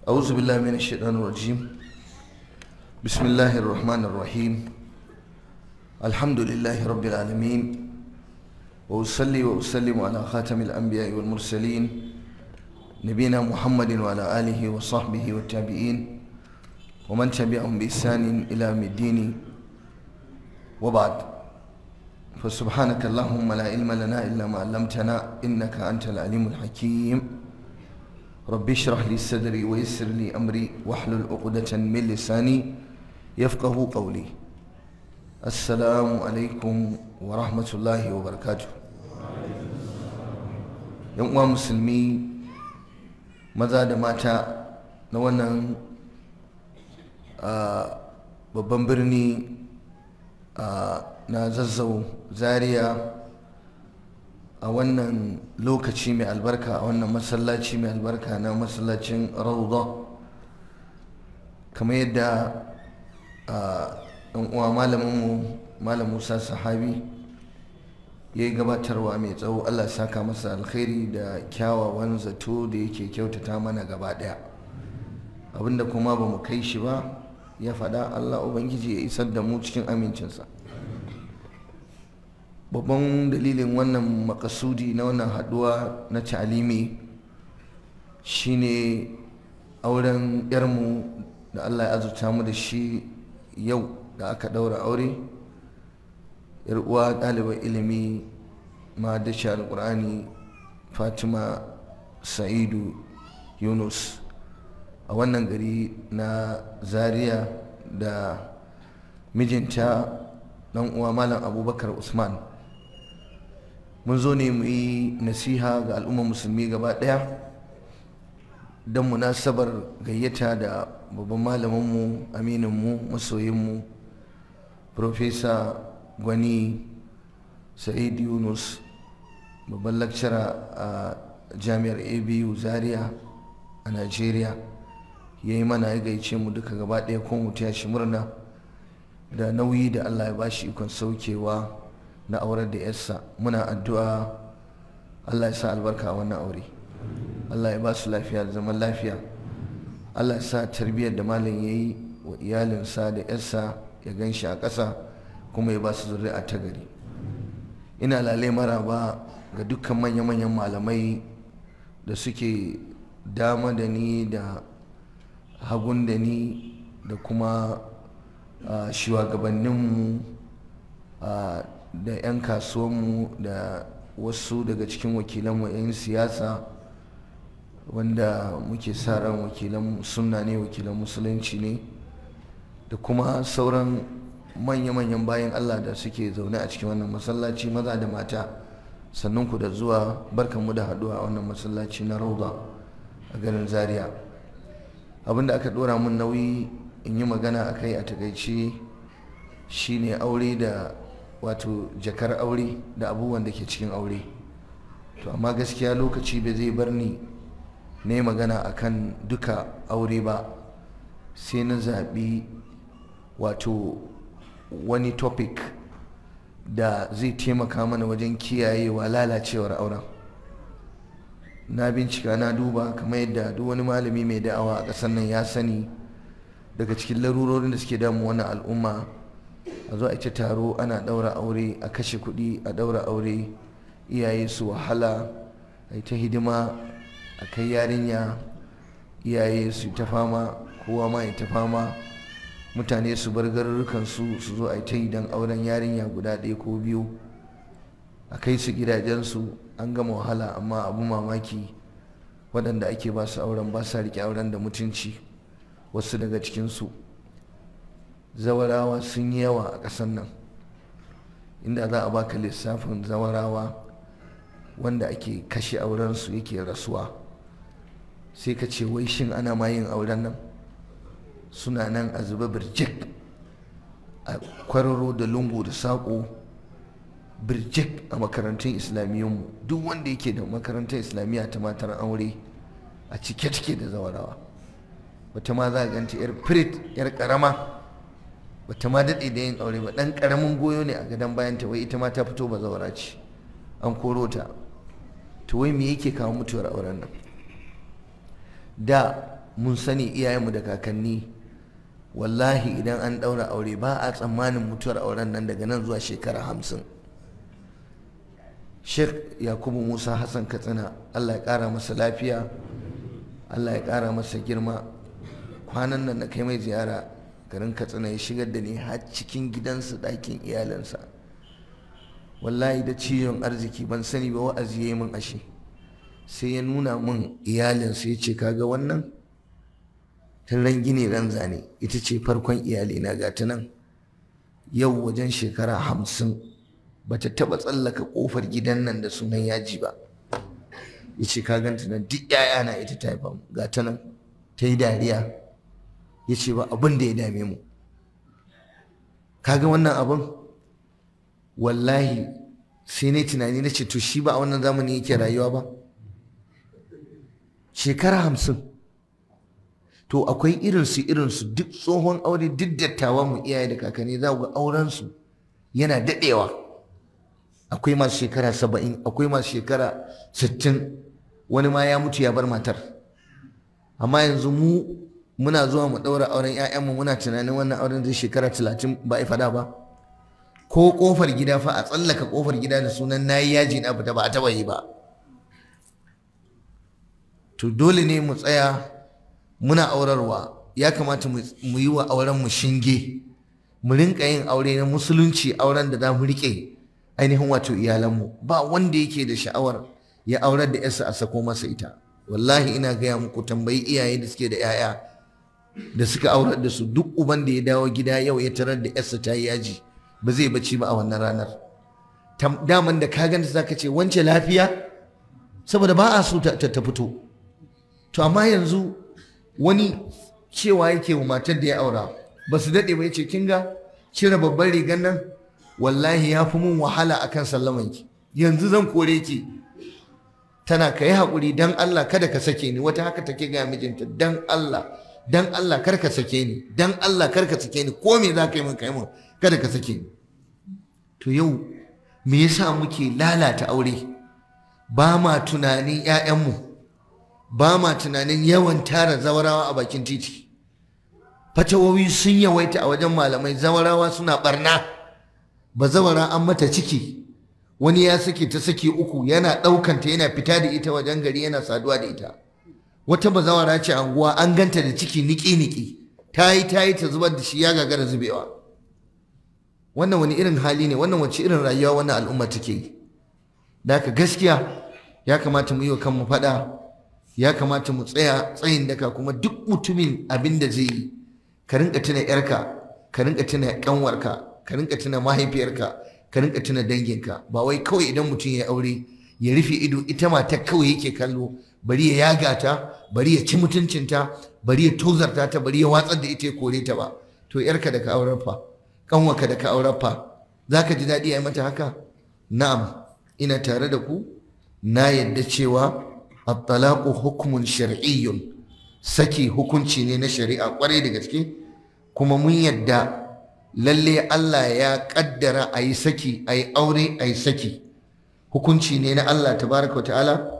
أعوذ بالله من الشيطان الرجيم بسم الله الرحمن الرحيم الحمد لله رب العالمين وأصلي وأسلم على خاتم الأنبياء والمرسلين نبينا محمد وعلى آله وصحبه والتابعين ومن تبعهم بإحسان إلى يوم الدين وبعد فسبحانك اللهم لا علم لنا إلا ما علمتنا إنك أنت العليم الحكيم رب اشرح لي صدري ويسر لي أمري واحلل عقدة من لساني يفقه قولي السلام عليكم ورحمة الله وبركاته yan uwa musulmi maza da mata na wannan babban birni na zazzau zaria a wannan lokaci mai albarka a wannan masallaci mai albarka na masallacin rauda kamar yadda ɗan uwa malaminmu malam musa sahabi ya yi gabatarwa mai tsawo allah saka masa alkhairi da kyawawan zato da yake kyautata mana gaba daya abinda kuma ba mu kai shi ba ya faɗa allah ubangiji ya isar da mu cikin amincinsa babban dalilin wannan makasudi na wannan haduwa na talimi shine auren yarmu da allah ya azurta mu da shi yau da aka daura aure uwa ɗalibar ilimi ma da alƙur'ani fatima sa'idu yunus a wannan gari na zaria da mijinta dan uwa malam abubakar usman mun zo ne mu yi nasiha ga al'ummar musulmi gaba ɗaya don munasabar gayyata da babban malaminmu amininmu masoyinmu profesa gwani sa'id yunus babban lakcara a jami'ar abu zaria a nigeria ya yi mana ya gaice mu duka gaba ɗaya kuma mu shi murna da nauyi da allah ya bashi ikon saukewa na aurar da yarsa muna addu'a Allah ya sa albarka a wannan aure Allah ya ba su lafiya da zaman lafiya Allah ya sa tarbiyyar da malam ya yi wa iyalinsa da yarsa ya gan shi a ƙasa kuma ya ba su zuri'a ta gari ina lale maraba ga dukkan manya-manyan malamai da suke dama da ni da hagun da ni da kuma ah, shugabanninmu ah, da 'yan kasuwanmu da wasu daga cikin wakilanmu 'yan siyasa wanda muke sa ran wakilan sunna ne wakilan musulunci ne da kuma sauran manya-manyan bayan allah da suke zaune a cikin wannan masallaci maza da mata sannan ku da zuwa barkanmu da haduwa a wannan masallaci na rauda a garin zaria abinda aka dora mun nauyi in yi magana a kai a takaice shine aure da wato jakar aure da abubuwan da ke cikin aure to amma gaskiya lokaci bai zai bar ni na yi magana a kan duka aure ba sai na zaɓi wato wani topic da zai taimaka mana wajen kiyayewa lalacewar auren na bincika na duba kamar yadda duk wani malami mai da'awa a ƙasar nan ya sani daga cikin larurorin da suke damu wani al'umma a zo a ci taro ana ɗaura aure a kashe kuɗi a ɗaura aure iyaye su wahala a ta hidima a kai yarinya iyaye su ta fama kowa ma ya ta fama mutane su bar garurukansu su zo a ta yi don auren yarinya guda ɗaya ko biyu a kai su gidajensu an gama wahala amma abu mamaki waɗanda ake ba su auren ba sa riƙe auren da mutunci wasu daga cikinsu zawarawa sun yi yawa a ƙasar nan inda za a baka lissafin zawarawa wanda ake kashe auren aurensu yake rasuwa sai ka ce wai shin ana ma yin auren nan suna nan a zuba birjik a kwararo da lungu da saƙo birjik a makarantun islamiyyunmu duk wanda yake da makarantar islamiyya ta matar aure a cike-cike da zawarawa wata ma za a ganta 'yar firit 'yar ƙarama bata ma daɗe da yin aure ba ɗan ƙaramin goyo ne a gadon bayan ta wai ita ma ta fito ba zaura ce an koro ta to wai me yake kawo mutuwar auren nan da mun sani iyayenmu da kakanni wallahi idan an ɗaura aure ba a tsammanin mutuwar auren nan daga nan zuwa shekara hamsin sheikh yakubu musa hassan katsina allah ya ƙara masa lafiya allah ya ƙara masa girma kwanan nan na kai mai ziyara garin katsina ya shigar da ni har cikin gidansu ɗakin iyalinsa wallahi da ciwon arziki ban sani ba wa'azi ya yi min ashe sai ya nuna min iyalinsa ya ce kaga wannan ran gini ran zane ita ce farkon iyalina ga ta nan yau wajen shekara hamsin ba ta taɓa tsallaka kofar gidan nan da sunan yaji ba ya ce ka ganta nan duk na ita ta haifa ga ta nan ta yi dariya ya ce ba abin da ya dame mu kaga wannan abin wallahi sai ne tunani na ce to shi ba a wannan zamani yake rayuwa ba shekara hamsin to akwai irinsu irinsu duk tsohon aure duk dattawa mu iyaye da kakanni za ga aurensu yana daɗewa akwai masu shekara saba'in akwai masu shekara sittin wani ma ya mutu ya bar matar amma yanzu mu muna zuwa mu ɗaura auren 'ya'yanmu muna tunanin wannan auren zai shekara talatin ba a fada ba ko ƙofar gida fa a tsallaka ƙofar gida da sunan nayi yaji na fita ba a taɓa yi ba to dole ne mu tsaya muna aurarwa ya kamata mu yi wa auren mu shinge mu rinka yin aure na musulunci auren da za mu riƙe ainihin wato iyalanmu ba wanda yake da sha'awar ya aurar da yasa a sako masa ita wallahi ina gaya muku tambayi iyaye da suke da 'ya'ya da suka aurar da su duk uban da ya dawo gida yau ya tarar da yarsa ta yi yaji ba zai bacci ba a wannan ranar daman da ka ganta zaka ce wance lafiya saboda ba a so ta fito to amma yanzu wani cewa yake wa matar da ya aura ba su daɗe ba ya ce kinga cire babban rigar nan wallahi ya fi mun wahala akan sallamanki yanzu zan kore ki tana ka yi haƙuri don Allah kada ka sake ni wata haka take ga mijinta don Allah dan Allah kar sake ni dan Allah karka ka sake ni ko me za ka yi min kai min kada ka sake ni to yau me yasa muke lalata aure ba ma tunanin 'ya'yanmu ba ma tunanin yawan tara zawarawa a bakin titi fatawowi sun yawaita a wajen malamai zawarawa suna barna ba zawara an mata ciki wani ya sake ta sake uku yana ɗaukanta yana fita da ita wajen gari yana saduwa da ita wata bazawara ce anguwa an ganta da ciki niki-niki ta yi ta yi ta zubar da shi ya gagara zubewa wannan wani irin hali ne wannan wacce irin rayuwa wannan al'umma take yi da haka gaskiya ya kamata mu yi wa kanmu faɗa ya kamata mu tsaya tsayin daka kuma duk mutumin abin da zai yi ka rinka tuna yarka ka rinka tuna kanwarka ka rinka tuna mahaifiyarka ka rinka tuna danginka ba wai kawai idan mutum ya aure ya rufe ido ita ma ta kawai yake kallo bari ya yaga ta bari ya ci mutuncinta bari ya tozarta ta bari ya watsar da ita ya kore ta ba to yarka da ka fa kanwaka da ka fa fa ka ji daɗi yi mata haka na'am ina tare da ku na yadda cewa at hukumun hukmun shar'iyyun saki hukunci ne na shari'a kwarai da gaske kuma mun yadda lalle Allah ya kaddara a yi saki a yi aure a yi saki hukunci ne na Allah tabaraka wa ta'ala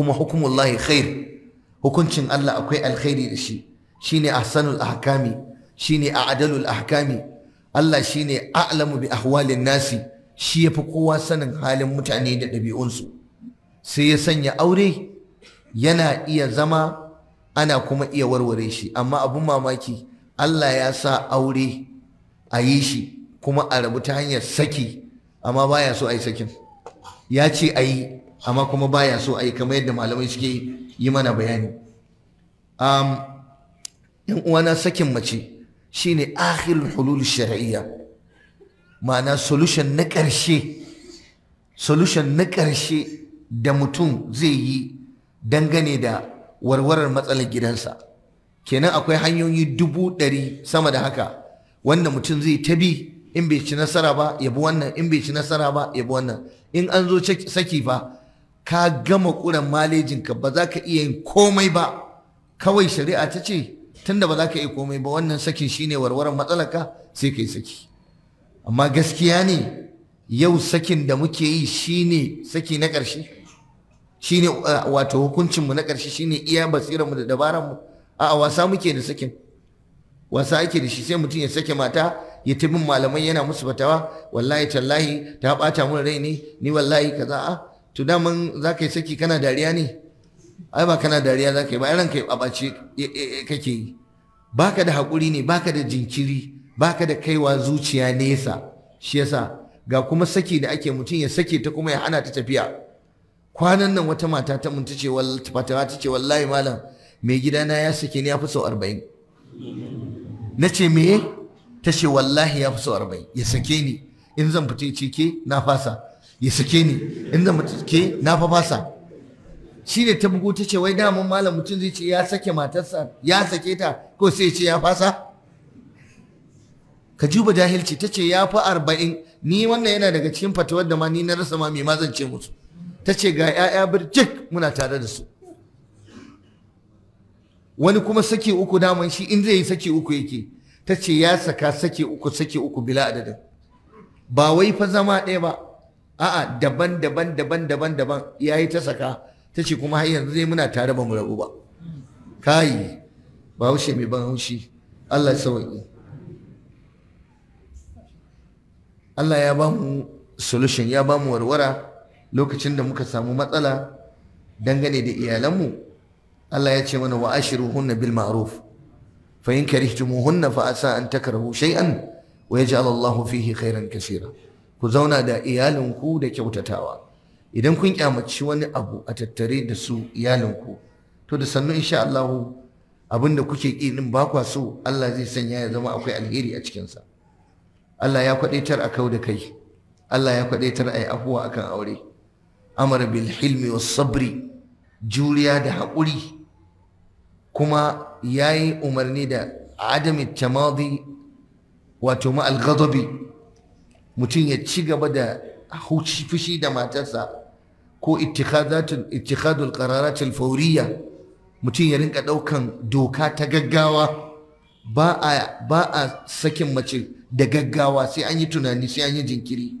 kuma hukumullahi khair hukuncin Allah akwai alkhairi da shi shine ahsanul ahkami shine a'dalul ahkami Allah shine a'lamu bi ahwalin nasi shi yafi kowa sanin halin mutane da ɗabi'unsu sai ya sanya aure yana iya zama ana kuma iya warware shi amma abun mamaki Allah ya sa aure a yi shi kuma a rabu ta hanyar saki amma baya so a yi sakin ya ce a yi amma kuma baya so a yi kamar yadda malamai suke yi mana bayani um, yan uwana sakin mace shine akhirul hulul shar'iyya ma'ana solution na ƙarshe solution na ƙarshe da mutum zai yi dangane da warwarar matsalar gidansa kenan akwai hanyoyi dubu ɗari sama da haka wanda mutum zai ta bi in bai ci nasara ba ya bi wannan in bai ci nasara ba ya bi wannan in an zo saki fa ka gama ƙuran malejinka ba za ka iya yin komai ba kawai shari'a ta ce tunda ba za ka iya komai ba wannan sakin shine warwaran matsalaka sai ka yi saki amma gaskiya ne yau sakin da muke yi shine saki na ƙarshe shine wato hukuncinmu na ƙarshe shine iya basiranmu da dabararmu a'a wasa muke da sakin wasa ake da shi sai mutum ya sake mata ya tabin malamai yana musu fatawa wallahi tallahi ta bata mun rai ne ni wallahi kaza a to daman za ka yi saki kana dariya ne ai ba kana dariya za ka yi ba ranka ya ɓaɓace kake yi Ba ka da haƙuri ne ba ka da jinkiri ba ka da kaiwa zuciya nesa shi yasa ga kuma saki da ake mutum ya sake ta kuma ya hana ta tafiya kwanan nan wata mata ta mun tace ta ce wallahi malam mai gidana ya sake ni ya fi sau arba'in na ce me ta ce wallahi ya fi sau arba'in ya sake ni in zan fita ce ke na fasa ya sake ni in mutu ke na fa fasa shi ne ta bugu ta ce wai daman malam mutum zai ce ya sake matarsa ya sake ta ko sai ya ce ya fasa ka juba jahilci ta ce ya fi arba'in ni wannan yana daga cikin fatawar da ma ni na rasa ma mai ma zan ce musu ta ce ga 'ya'ya birjik muna tare da su wani kuma sake uku daman shi in zai yi sake uku yake ta ce ya saka sake uku sake uku bila adadin ba wai fa zama ɗaya ba a'a daban daban daban daban daban ya yi ta saka ta ce kuma har yanzu dai muna tare ba mu rabu ba kai bahaushe mai ban haushi Allah ya sauki Allah ya ba mu solution ya ba mu warwara lokacin da muka samu matsala dangane da iyalanmu Allah ya ce mana wa ashiruhunna bil ma'ruf fa in karihtumuhunna fa asa an takrahu shay'an wa yaj'al Allahu fihi khairan kaseera ku zauna da iyalinku da kyautatawa idan kun kyamaci wani abu a tattare da su iyalinku to da sannu insha Allah abin da kuke ƙi din ba kwa so Allah zai sanya ya zama akwai alheri a cikinsa Allah ya kwadaitar a kau da kai Allah ya kwadaitar a yi afuwa akan aure amara bil hilmi was sabri juriya da haƙuri kuma yayi umarni da adami tamadi wato al ghadabi mutum ya ci gaba da haushi fushi da matarsa ko ittikhadul kararatul fawriya mutum ya rinka daukan doka ta gaggawa ba a ba a sakin mace da gaggawa sai an yi tunani sai an yi jinkiri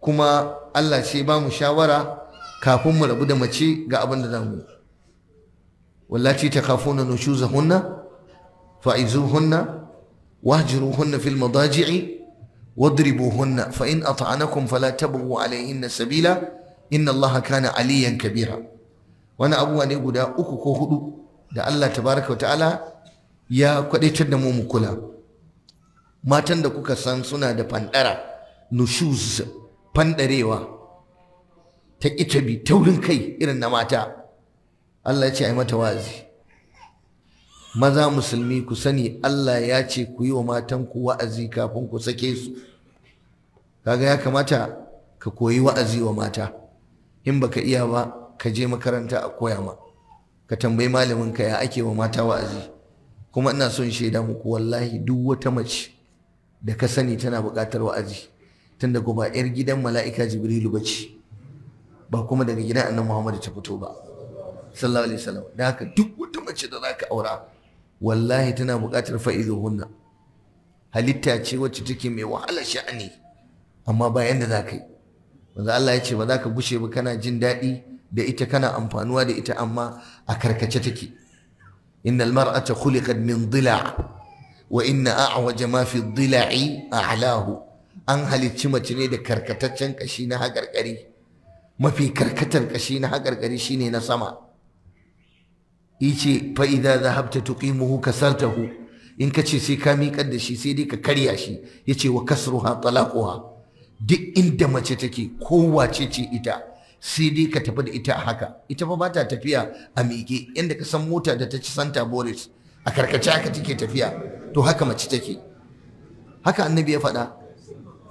kuma Allah sai ba mu shawara kafin mu rabu da mace ga abin da zamu wallaci ta kafuna hunna fa'izuhunna hunna fil madaji'i wadribuhunna fa in ata'anakum fala tabghu alayhinna sabila inna allaha kana aliyan kabira wani abubuwa ne guda uku ko hudu da Allah tabaraka wa ta'ala ya kwadaitar da mu mu kula matan da kuka san suna da fandara nushuz fandarewa ta itabi taurin kai irin na mata Allah ya ce ai mata wazi maza musulmi ku sani Allah ya ce ku yi wa matanku wa'azi kafin ku sake su kaga ya kamata ka koyi wa'azi wa mata in baka iya ba ka je makaranta a koya ma ka tambayi malamin ka ya ake wa mata wa'azi kuma ina son shaida muku wallahi duk wata mace da ka sani tana buƙatar wa'azi tunda ko ba 'yar gidan mala'ika jibrilu ba ce ba kuma daga gidan annabi muhammadu ta fito ba sallallahu alaihi wasallam da haka duk wata mace da zaka aura wallahi tana buƙatar fa'izuhunna halitta ce wacce take mai wahala sha'ani amma ba yanda za ka yi wanda Allah ya ce ba za ka bushe ba kana jin daɗi da ita kana amfanuwa da ita amma a karkace take innal mar'ata khuliqat min dila wa inna a'waja ma fi dila'i a'lahu an halicci mace ne da karkataccen kashi na haƙarƙari mafi karkatar kashi na haƙarƙari shine na sama yace fa idza dhahabta tuqimuhu kasartahu in ka ce sai ka miƙar da shi sai dai ka karya shi yace wa kasruha talaquha duk inda mace take kowace ce ita sai dai ka tafi da ita a haka ita fa ba ta tafiya a miƙe inda ka san mota da ta santa boris a karkace haka take tafiya to haka mace take haka annabi ya faɗa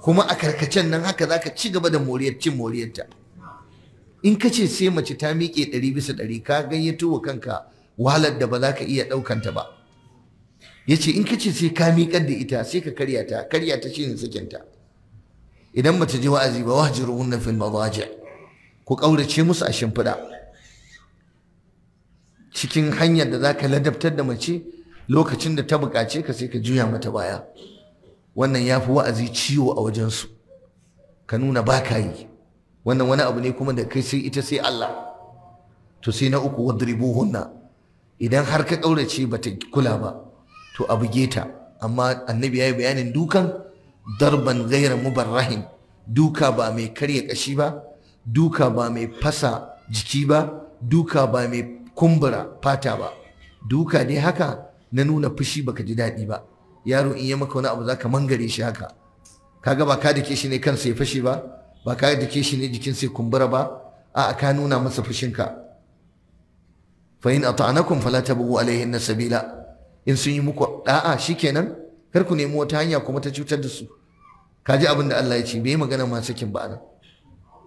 kuma a karkacen nan haka zaka ci gaba da moriyar cin moriyarta in ka ce sai mace ta miƙe ɗari bisa ɗari ka gayyato wa kanka wahalar da ba za ka iya ɗaukanta ba ya ce in ka ce sai ka miƙar da ita sai ka karya ta karya ta shi ne sakinta idan bata ji wa'azi ba wajiru wannan fil mazaji ku ƙaurace musu a shimfiɗa cikin hanyar da za ka ladabtar da mace lokacin da ta buƙace ka sai ka juya mata baya wannan ya fi wa'azi ciwo a wajensu ka nuna ba ka yi wannan wani abu ne kuma da kai sai ita sai Allah to sai na uku wadribuhunna idan har ka ƙaurace ba ta kula ba to a buge ta amma annabi ya yi bayanin dukan darban gaira mubarrahin duka ba mai karya ƙashi ba duka ba mai fasa jiki ba duka ba mai kumbura fata ba duka dai haka na nuna fushi baka ji daɗi ba yaro in ya maka wani abu za ka mangare shi haka kaga ba ka dake shi ne kansa ya fashe ba ba ka dake shi ne jikin sai kumbura ba a'a ka nuna masa fushinka fa in ata'anakum fala tabu alaihinna sabila in sun yi muku da'a shikenan kar ku nemi wata hanya kuma ta cutar da su kaji abin da Allah ya ce bai magana ma sakin ba nan.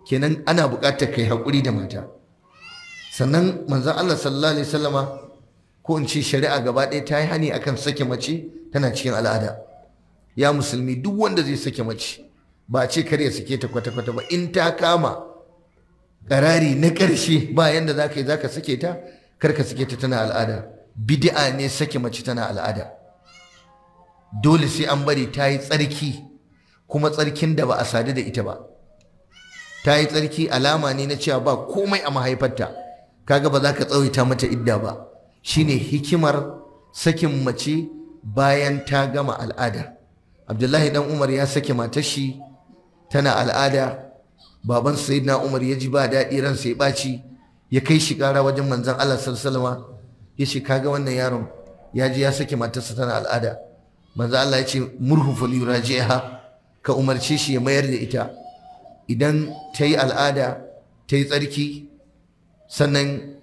kenan ana buƙatar kai haƙuri da mata sannan manzon Allah sallallahu alaihi wasallama ko in ce shari'a gaba ɗaya ta yi hani akan sake mace tana cikin al'ada ya musulmi duk wanda zai sake mace ba ce kar ya sake ta kwata-kwata ba in ta kama ƙarari na ƙarshe ba yanda za ka yi za ka sake ta karka sake ta tana al'ada bid'a ne sake mace tana al'ada dole sai an bari ta yi tsarki kuma tsarkin da ba a sadu da ita ba ta yi tsarki alama ne na cewa ba komai a mahaifarta kaga ba za ka tsawaita mata idda ba shine hikimar sakin mace bayan ta gama al'ada abdullahi dan umar ya sake matar shi tana al'ada baban sayyidina umar ya ji ba daɗi ransa ya ɓaci ya kai shi ƙara wajen manzan Allah sallallahu ya ce kaga wannan yaron ya je ya sake matarsa tana al'ada manzan Allah ya ce murhu falirajiha ka umarce shi ya mayar da ita idan ta yi al'ada ta yi tsarki sannan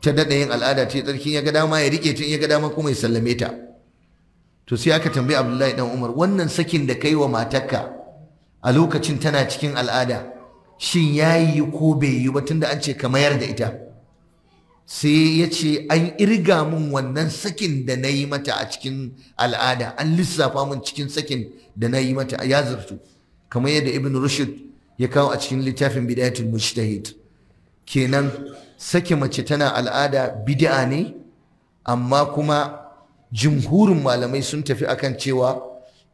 ta daɗa yin al'ada ta yi tsarki ya ga dama ya riƙe ta ya ga dama kuma ya sallame ta to sai aka tambayi abdullahi dan umar wannan sakin da kai wa matarka a lokacin tana cikin al'ada shin ya yi ko bai yi ba tunda an ce ka mayar da ita sai ya ce an irga min wannan sakin da na yi mata a cikin al'ada an lissafa min cikin sakin da na yi mata a yazartu kamar yadda ibn rushd ya kawo a cikin littafin bidayatul mujtahid kenan sake mace tana al'ada bid'a ne amma kuma jumhurin malamai sun tafi akan cewa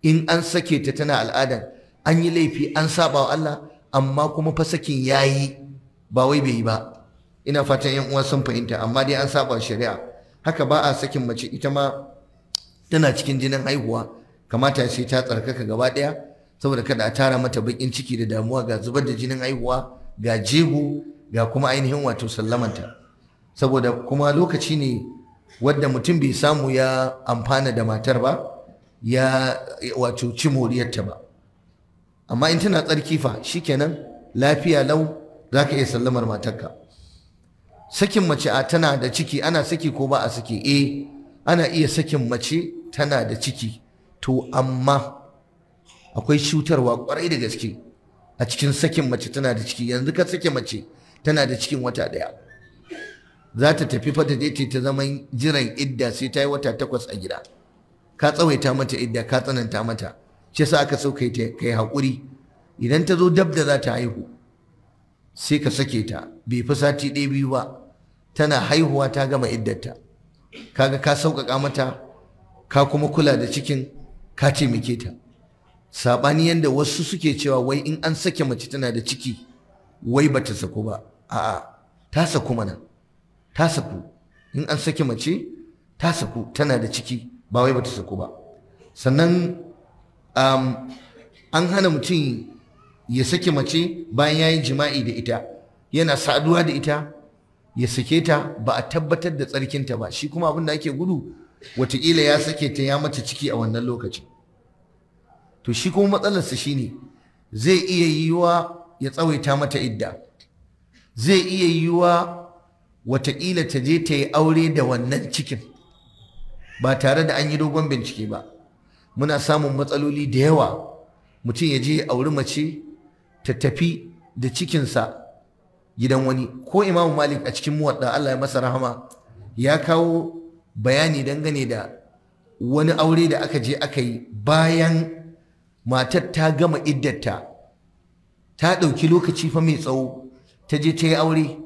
in an sake ta tana al'adan an yi laifi an saba wa Allah amma kuma fasakin sakin yi ba wai bai yi ba ina fatan yan uwa sun fahimta amma dai an saba shari'a haka ba a sakin mace ita ma tana cikin jinin haihuwa kamata sai ta tsarkaka gaba daya saboda kada a tara mata bakin ciki da damuwa ga zubar da jinin haihuwa ga jego ga kuma ainihin wato sallamanta saboda kuma lokaci ne wadda mutum bai samu ya amfana da matar ba ya wato ci moriyarta ba amma in tana tsarki fa shi shikenan lafiya lau za ka iya sallamar matarka sakin mace a tana da ciki ana saki ko ba a saki eh ana iya sakin mace tana da ciki to amma akwai cutarwa kwarai da gaske a cikin sakin mace tana da ciki yanzu ka sake mace tana da cikin wata daya za ta tafi fata ce ta zama jiran idda sai ta yi wata takwas a gida ka tsawaita mata idda ka tsananta mata shi yasa aka so kai kai hakuri idan ta zo dab da za ta haihu sai ka sake ta bai fi sati ɗaya biyu ba tana haihuwa ta gama iddarta kaga ka sauƙaƙa mata ka kuma kula da cikin ka taimake ta saɓani yadda wasu suke cewa wai in an sake mace tana da ciki wai ba ta saku ba a'a ta saku mana ta saku in an sake mace ta saku tana da ciki ba wai ba ta saku ba sannan Um, an hana mutum ya sake mace bayan ya yi jima'i da ita yana saduwa da ita ya sake ta ba a tabbatar da tsarkinta ba shi kuma abin da ake gudu watakila ya sake ta ya mata ciki a wannan lokaci. to shi kuma matsalarsa shi ne, zai iya yiwuwa ya tsawaita mata idda zai iya yiwuwa watakila ta je ta yi aure da wannan cikin ba tare da an yi dogon bincike ba muna samun matsaloli da yawa mutum ya je auri mace ta tafi da cikinsa gidan wani ko imamu malik a cikin muwadda Allah ya masa rahama ya kawo bayani dangane da wani aure da aka je aka yi bayan matar ta gama iddata ta ɗauki lokaci fa mai tsawo ta je ta yi aure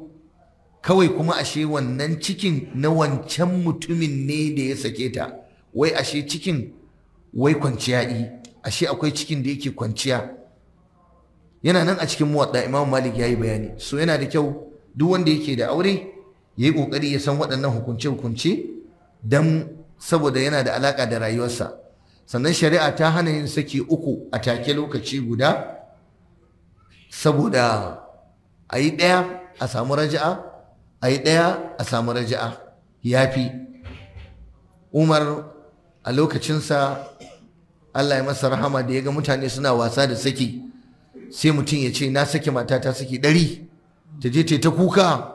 kawai kuma ashe wannan cikin na wancan mutumin ne da ya sake ta wai ashe cikin wai kwanciya yi ashe akwai cikin da yake kwanciya yana nan a cikin muwadda Imam Malik ya yi bayani so yana da kyau duk wanda yake da aure ya yi kokari ya san waɗannan hukunce hukunce dan saboda yana da alaka da rayuwarsa sannan shari'a ta hana yin saki uku a take lokaci guda saboda a yi ɗaya a samu raja'a a yi ɗaya a samu raja'a ya fi umar a lokacinsa Allah ya masa rahama da ya ga mutane suna wasa da saki sai mutum ya ce na saki mata ta saki ɗari ta je ta kuka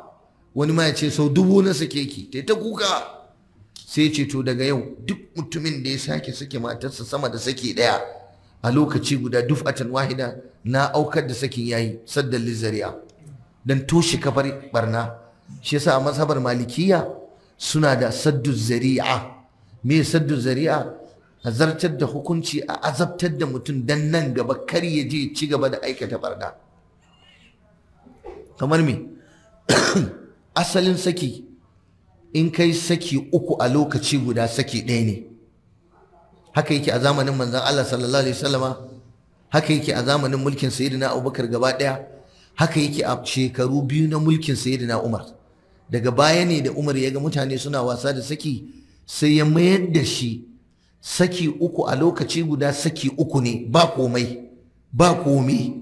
wani ma ya ce sau dubu na sake ki ta kuka sai ce to daga yau duk mutumin da ya sake sake matarsa sama da saki ɗaya a lokaci guda duf atan wahida na aukar da sakin yayi saddan lizariya dan toshe kafar barna shi yasa a mazhabar malikiya suna da saddu zari'a me saddu zari'a a zartar da hukunci a azabtar da mutum dan nan gaba kar ya je ci gaba da aikata barna kamar me asalin saki in kai saki uku a lokaci guda saki ɗaya ne haka yake a zamanin manzon Allah sallallahu alaihi wasallama haka yake a zamanin mulkin sayyidina Abubakar gaba ɗaya haka yake a shekaru biyu na mulkin sayyidina Umar daga baya ne da Umar ya ga mutane suna wasa da saki sai ya mayar da shi saki uku a lokaci guda saki uku ne ba komai ba komai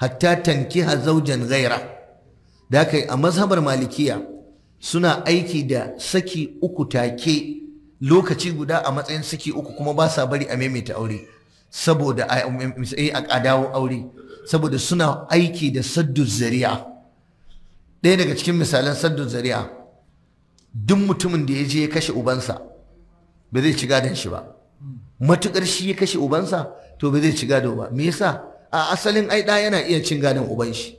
hatta tanki zaujan gaira da kai a mazhabar malikiya suna aiki da saki uku take lokaci guda a matsayin saki uku kuma ba sa bari a maimaita aure saboda a dawo aure saboda suna aiki da saddu zariya. ɗaya daga cikin misalan saddu zariya duk mutumin da ya je ya kashe ubansa ba zai ci gadon shi ba matukar shi ya kashe ubansa to ba zai ci gado ba me yasa a asalin ai ɗa yana iya cin gadon uban shi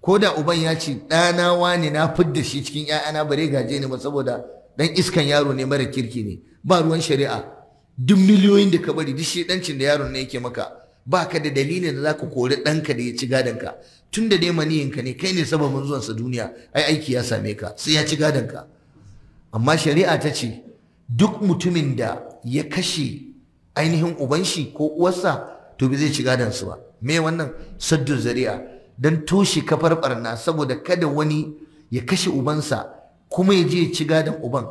ko da uban ya ce ɗana ne na fidda shi cikin ‘ya'yana bare gaje ne ba saboda ɗan iskan yaro ne mara kirki ne ba ruwan shari'a duk miliyoyin da ka bari duk shedancin da yaron ne yake maka ba ka da dalilin da za ka kori ɗanka da ya ci gadonka tun da dai maniyinka ne kai ne sababin zuwansa duniya ai aiki ya same ka sai ya ci ka. amma shari'a ta ce duk mutumin da ya kashe ainihin uban shi ko uwarsa to bai zai ci gadon su ba me wannan saddu zari'a dan toshe kafar barna saboda kada wani ya kashe ubansa kuma ya je ya ci gadon uban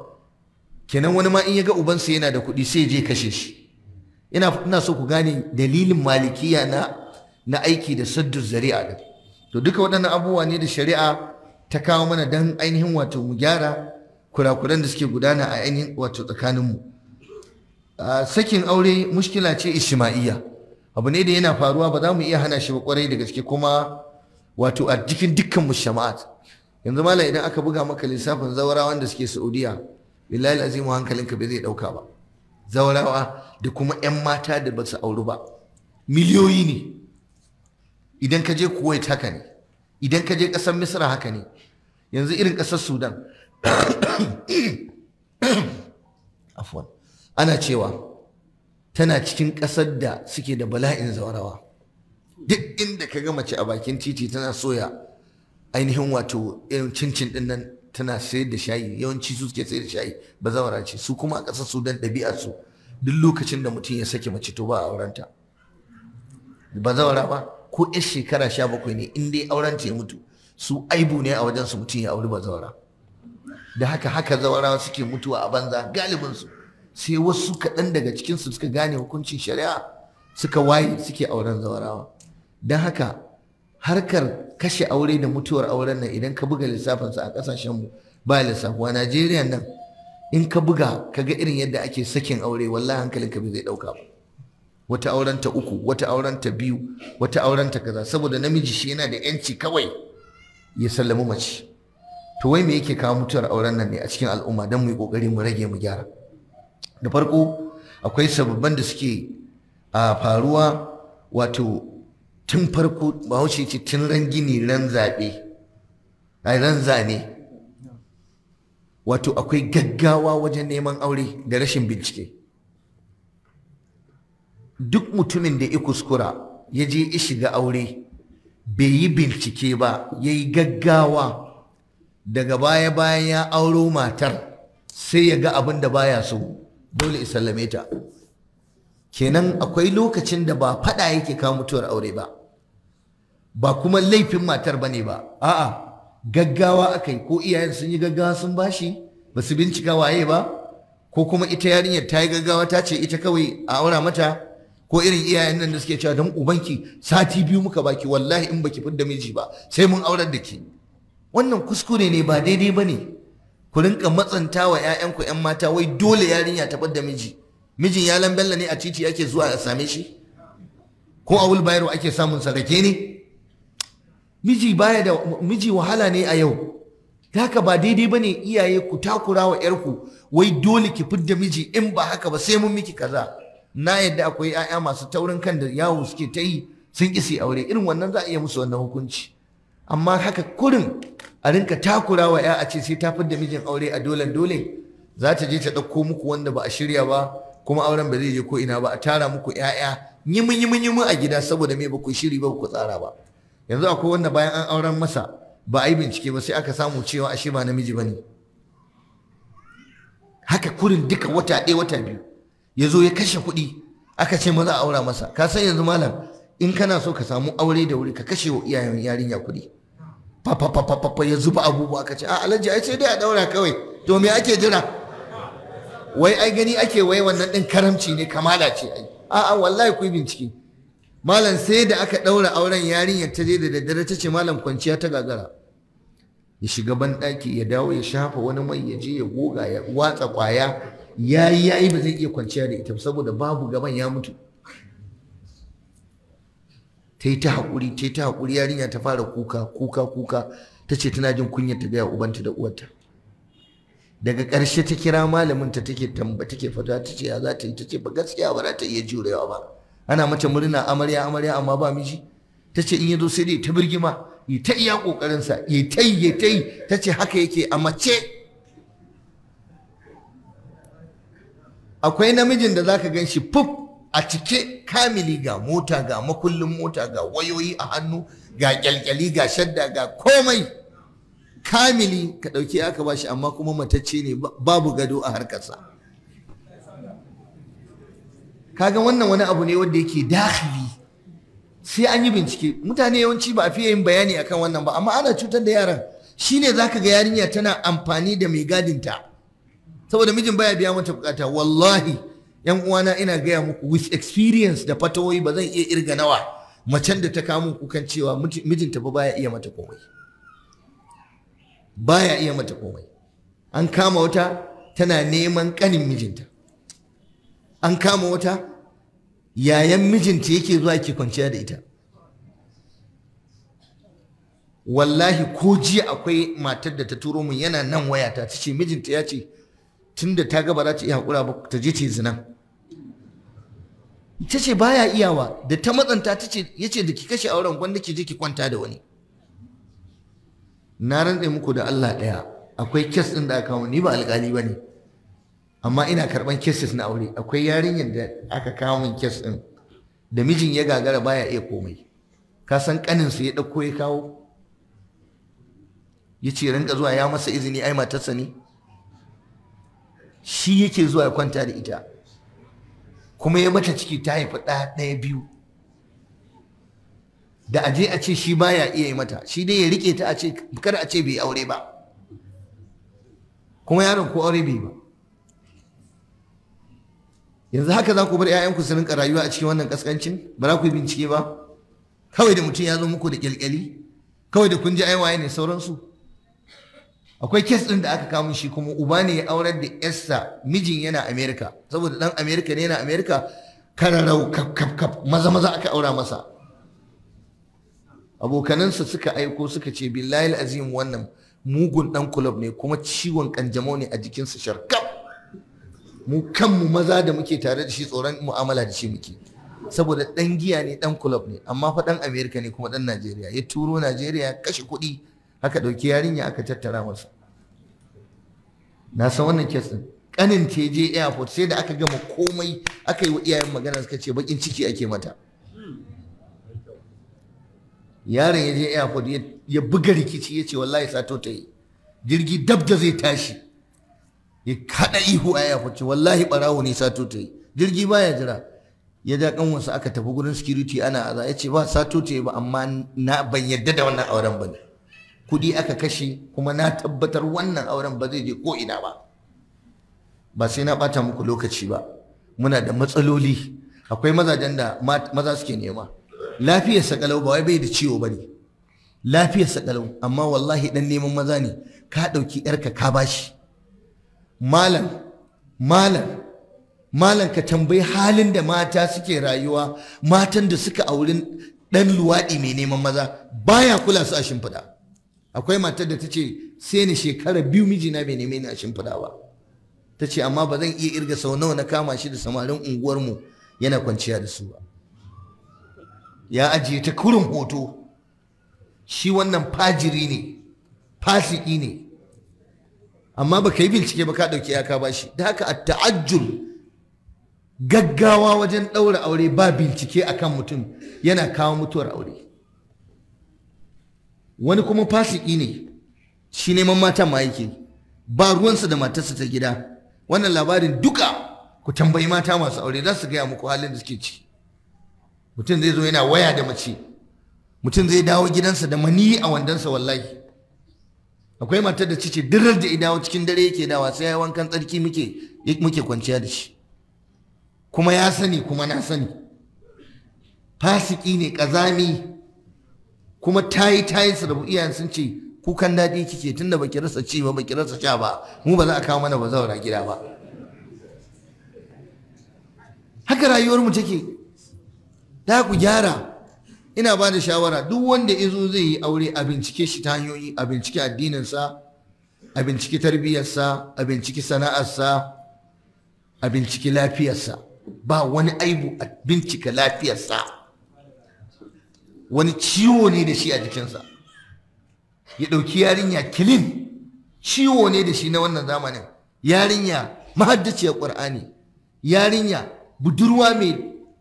kenan wani ma in ya ga ubansa yana da kuɗi sai ya je kashe shi ina ina so ku gane dalilin malikiya na na aiki da saddu zari'a din to duka waɗannan abubuwa ne da shari'a ta kawo mana dan ainihin wato mu gyara kurakuran da suke gudana a ainihin wato tsakaninmu sakin aure mushkila ce ishima'iyya abu ne da yana faruwa ba za mu iya hana shi ba kwarai da gaske kuma wato a cikin dukkan mushama'at yanzu malam idan aka buga maka lissafin zawarawan da suke saudiya billahi azimu hankalinka bai zai dauka ba zawarawa da kuma 'yan mata da ba su auri ba miliyoyi ne idan ka je kuwait haka ne idan ka je kasar misra haka ne yanzu irin kasar sudan ana cewa tana cikin ƙasar da suke da bala'in zaurawa duk inda ka ga mace a bakin titi tana soya ainihin wato irin cincin din nan tana sayar da shayi yawanci su suke sayar da shayi ba zawara ce su kuma a ƙasar sudan ɗabi'ar su duk lokacin da mutum ya sake mace to ba a aurenta ba zawara ba ko 'yan shekara sha bakwai ne in dai aurenta ya mutu su aibu ne a wajen su mutum ya auri ba zawara da haka haka zawarawa suke mutuwa a banza galibinsu sai wasu kaɗan daga cikinsu suka gane hukuncin shari'a suka waye suke auren zawarawa don haka harkar kashe aure da mutuwar auren nan idan ka buga lissafinsa a ƙasashenmu ba lissafuwa najeriya nan in ka buga ka ga irin yadda ake sakin aure wallahi hankalinka bai zai ɗauka ba wata auren ta uku wata auren ta biyu wata auren ta kaza saboda namiji shi yana da yanci kawai ya sallami mace to wai me yake kawo mutuwar auren nan ne a cikin al'umma don mu yi kokari mu rage mu gyara da farko akwai sababban da suke a faruwa wato tun farko wuce ce tun ran gini ran zaɓe ai ran zane wato akwai gaggawa wajen neman aure da rashin bincike duk mutumin da ya kuskura ya je ya shiga aure bai yi bincike ba ya yi gaggawa daga baya bayan ya auro matar sai ya ga abin da baya so dole ya sallame ta kenan akwai lokacin da ba fada yake kawo mutuwar aure ba ba kuma laifin matar bane ba a'a gaggawa akai ko iyayen sun yi gaggawa sun bashi ba su bincika waye ba ko kuma ita yarinyar ta yi gaggawa ta ce ita kawai a aura mata ko irin iyayen nan da suke cewa don ubanki sati biyu muka baki wallahi in baki fidda miji ba sai mun aurar da ki wannan kuskure ne ba daidai ba ne ku rinka matsanta wa 'ya'yanku 'yan mata wai dole yarinya ta da miji mijin ya lambella ne a titi ake zuwa a same shi ko a wulbayaro ake samun sarake ne miji baya da miji wahala ne a yau haka ba daidai ba ne iyaye ku takura wa 'yarku wai dole ki fidda miji in ba haka ba sai mun miki kaza na yadda akwai 'ya'ya masu taurin kan da yawo suke ta yi sun ƙi aure irin wannan za a iya musu wannan hukunci amma haka kurin a rinka takura wa ya a ce sai ta da mijin aure a dole dole za ta je ta ɗauko muku wanda ba a shirya ba kuma auren ba zai je ko ina ba a tara muku 'ya'ya yimin yimin yimin a gida saboda me ba ku shiri ba ku tsara ba yanzu akwai wanda bayan an auren masa ba a yi bincike ba sai aka samu cewa ashe ba namiji ba ne haka kurin duka wata ɗaya wata biyu ya zo ya kashe kuɗi aka ce maza a aura masa ka san yanzu malam in kana so ka samu aure da wuri ka kashe wa iyayen yarinya kuɗi fafafafafa ya zuba abubuwa ka ce a ah, alhaji ai sai dai a daura kawai to me ake jira wai ai gani ake wai wannan din karamci ne kamala ce ai a'a wallahi ku bincike malam sai da aka daura auren yarinyar ta je da daddare ta ce malam kwanciya ta gagara ya shiga banɗaki ya dawo ya shafa wani mai ya je ya goga ya watsa kwaya ya yi ya yi ba zai iya kwanciya da ita saboda babu gaban ya mutu ta yi ta haƙuri ta yi ta haƙuri yarinya ta fara kuka kuka kuka ta ce tana jin kunyar ta gaya ubanta da uwarta daga ƙarshe ta kira malamin ta take tamba take fata ta ce ya za ta yi ta ce ba gaskiya ba za ta iya jurewa ba ana mace murna amarya amarya amma ba miji ta ce in ya zo sai dai ta birgima yi ta iya ƙoƙarinsa yi ta yi ta yi ta ce haka yake a mace akwai namijin da zaka gan shi fuf a cike kamili ga mota ga makullin mota ga wayoyi a hannu ga kyalkyali ga shadda ga komai kamili ka ɗauki aka bashi amma kuma matacce ne babu gado a harkarsa kaga wannan wani abu ne wanda yake dakhili sai an yi bincike mutane yawanci ba a fiye yin bayani akan wannan ba amma ana cutar da yaran Shi shine zaka ga yarinya tana amfani da mai gadinta saboda mijin baya biya mata bukata wallahi yan uwana ina gaya muku with experience da fatawoyi ba zan iya irga nawa macen da ta kamo kukan cewa mijinta ba baya iya mata komai baya iya mata komai an kama wata tana neman kanin mijinta an kama wata yayan mijinta yake zuwa ke kwanciya da ita wallahi ko jiya akwai matar da ta turo mun yana nan wayata ta ce mijinta ya ce tunda ta gaba za ta iya haƙura ba ta je ta yi zinan. ta ce baya iyawa da ta matsanta ta ce ya ce da ki kashe auren gwanda ki je ki kwanta da wani na rantse muku da Allah ɗaya akwai kes ɗin da aka ni ba alƙali ba ne amma ina karɓan keses na aure akwai yarinyar da aka kawo min kes ɗin da mijin ya gagara baya iya komai ka san ƙaninsa ya ɗauko ya kawo ya ce rinka zuwa ya masa izini ai matarsa ne shi yake zuwa ya kwanta da ita kuma ya mata ciki ta haifi ɗaya ɗaya biyu da aje a ce shi baya iya yi mata shi dai ya rike ta a ce kada a ce bai aure ba kuma yaron ko aure bai ba yanzu haka za ku bar 'ya'yanku su rinka rayuwa a cikin wannan kaskancin ba za ku yi bincike ba kawai da mutum ya zo muku da kyalkyali kawai da kun ji aiwaye ne sauransu akwai kes ɗin da aka kawo shi kuma uba ne ya aurar da yarsa mijin yana amerika saboda ɗan amerika ne yana amerika kararau kaf kaf kaf maza maza aka aura masa abokaninsa suka aiko suka ce billahi azim wannan mugun ɗan kulob ne kuma ciwon kanjamau ne a jikinsa sharkaf mu kanmu maza da muke tare da shi tsoron mu'amala da shi muke saboda ɗan giya ne ɗan kulob ne amma fa ɗan amerika ne kuma ɗan najeriya ya turo najeriya kashe kuɗi haka ɗauki yarinya aka tattara masa na san wannan kes din kanin ta je airport sai da aka gama komai aka yi wa iyayen magana suka ce bakin ciki ake mata yaron ya je airport ya buga rikici ya ce wallahi sato ta yi jirgi dab da zai tashi ya kaɗa ihu a airport ce wallahi ɓarawo ne sato ta yi jirgi baya jira ya ja kanwansa aka tafi gurin security ana aza ya ce ba sato ta yi ba amma na ban yadda da wannan auren ba ne kuɗi aka kashe kuma na tabbatar wannan auren ba zai je ko ina ba ba sai na bata muku lokaci ba muna da matsaloli akwai mazajen da maza suke nema lafiyar sakalau ba wai bai da ciwo ba ne lafiyar sakalau amma wallahi dan neman maza ne ka ɗauki yarka ka bashi malam malam malam ka tambayi halin da mata suke rayuwa matan da suka auri ɗan luwaɗi mai neman maza baya kula su a shimfiɗa akwai matar da ta ce sai ni shekara biyu mijina bai neme ni a shimfiɗawa. ba ta ce amma ba zan iya irga sau nawa na kama shi da samarin unguwarmu yana kwanciya da su ba ya ajiye ta kurin hoto shi wannan fajiri ne fasiki ne amma ba ka yi bincike ba ka ɗauki yaka ba shi da haka a ta'ajjul gaggawa wajen ɗaura aure ba bincike akan mutum yana kawo mutuwar aure wani kuma fasiki ne shi neman mata ma yake ba ruwansa da matarsa ta gida wannan labarin duka ku tambayi mata masu aure za su gaya muku halin da suke ci. mutum zai zo yana waya da mace mutum zai dawo gidansa da mani a wandonsa wallahi akwai matar da cice dirar da idawo cikin dare yake dawa sai ya wankan tsarki muke muke kwanciya da shi kuma ya sani kuma na sani fasiki ne kazami kuma tayi ta yi iyayen sun ce kukan daɗi kike tunda baki rasa ci ba baki rasa sha ba mu ba za a kawo mana ba zaura gida ba haka rayuwar mu take da ku gyara ina ba da shawara duk wanda izo zai yi aure a bincike shi ta hanyoyi a bincike addininsa a bincike tarbiyyarsa a bincike sana'arsa a bincike lafiyarsa ba wani aibu a bincika lafiyarsa wani ciwo ne da shi a jikinsa ya ɗauki yarinya kilin ciwo ne da shi na wannan zamanin yarinya mahaddaciyar ƙur'ani yarinya budurwa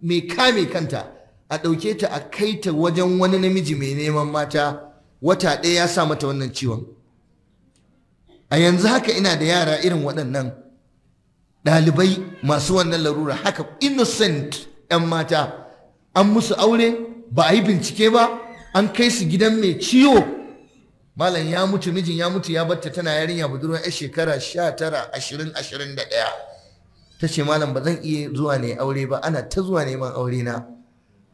mai kame kanta a ɗauke ta a kai ta wajen wani namiji mai neman mata wata ɗaya ya sa mata wannan ciwon a yanzu haka ina da yara irin waɗannan ɗalibai masu wannan larura haka innocent 'yan mata an musu aure ba a yi bincike ba an kai su gidan mai ciwo malam ya mutu mijin ya mutu ya batta tana yarinya budurwa yar shekara sha tara ashirin ashirin da ɗaya ta ce malam ba zan iya zuwa ne aure ba ana ta zuwa neman aure na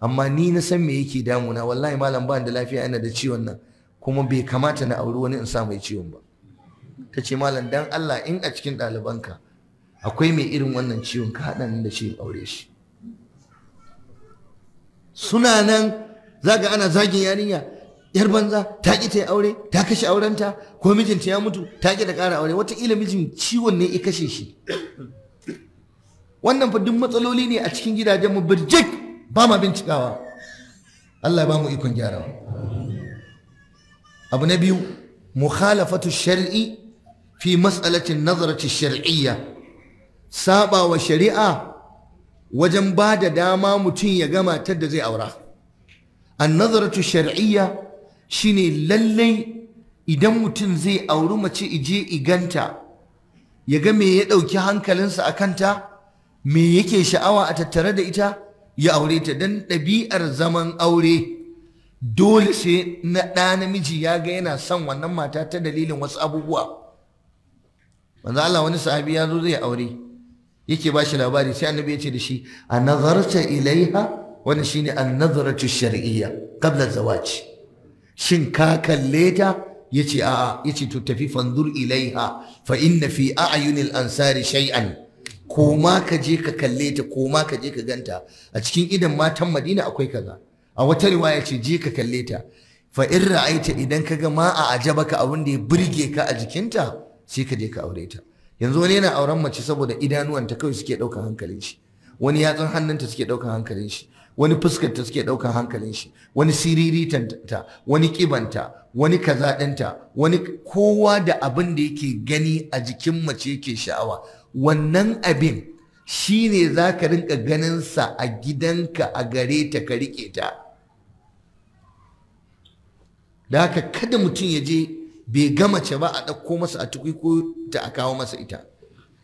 amma ni na san me yake damuna wallahi malam ba da lafiya ina da ciwon nan kuma bai kamata na auri wani in sa mai ciwon ba ta ce malam dan Allah in a cikin ɗalibanka akwai mai irin wannan ciwon ka haɗa nan da shi aure shi suna nan zaga ana zagin yarinya yar banza ta ki ta aure ta kashe aurenta ko mijinta ya mutu ta ki da ƙara aure wataƙila mijin ciwon ne ya kashe shi wannan fa duk matsaloli ne a cikin gidajenmu birjik ba ma bincikawa Allah ya ba mu ikon gyarawa abu na biyu mukhalafatu shar'i fi mas'alatin nazarati shar'iyya saba wa shari'a wajen ba da dama mutum ya ga matar da zai aura annazaratu shar'iyya shine lallai idan mutum zai auri mace ije iganta ya ga me ya ɗauki hankalinsa a kanta me yake sha'awa a tattare da ita ya aure ta don ɗabi'ar zaman aure dole sai na ɗa namiji ya ga yana son wannan mata ta dalilin wasu abubuwa manzo Allah wani sahabi ya zo zai aure yake ba shi labari sai annabi ya ce da shi a nazarta ilaiha wani shine an nazaratu shar'iyya qabla zawaj shin ka kalle ta yace a'a yace to tafi fanzur ilaiha fa inna fi a'yunil ansari shay'an koma ka je ka kalle ta ma ka je ka ganta a cikin idan matan Madina akwai kaza a wata riwaya ce je ka kalle ta fa in ra'aita idan ka ga ma a ajabaka abin da ya burge ka a jikinta sai ka je ka aure ta yanzu wani yana auren mace saboda idanuwanta kawai suke ɗaukar hankalin shi wani yatsun hannunta suke ɗaukar hankalin shi wani fuskarta suke ɗaukar hankalin shi wani siriritanta wani kibanta wani kaza ɗinta wani kowa da abin da yake gani a jikin mace yake sha'awa wannan abin shi ne za ka rinka ganinsa a gidanka a gare ta ka riƙe ta da haka kada mutum ya je bai gama ce ba a ɗauko masa a ko ta a kawo masa ita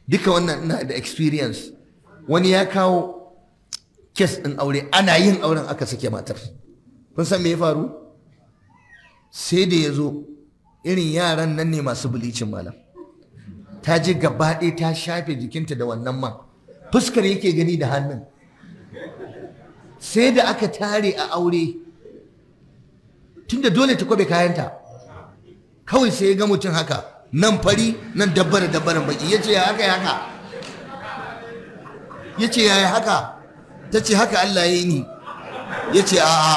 duka wannan ina da experience wani ya kawo kes ɗin aure ana yin auren aka sake matar kun san me ya faru sai da ya zo irin yaran nan ne masu bilicin malam ta ji gaba ɗaya ta shafe jikinta da wannan man fuskar yake gani da hannun sai da aka tare a aure tunda dole ta kwabe kayanta kawai sai ya ga mutum haka nan fari nan dabbara dabbaran baki ya ce ya haka ya haka ya ce ya haka ta ce haka Allah ya yi ni ya ce a'a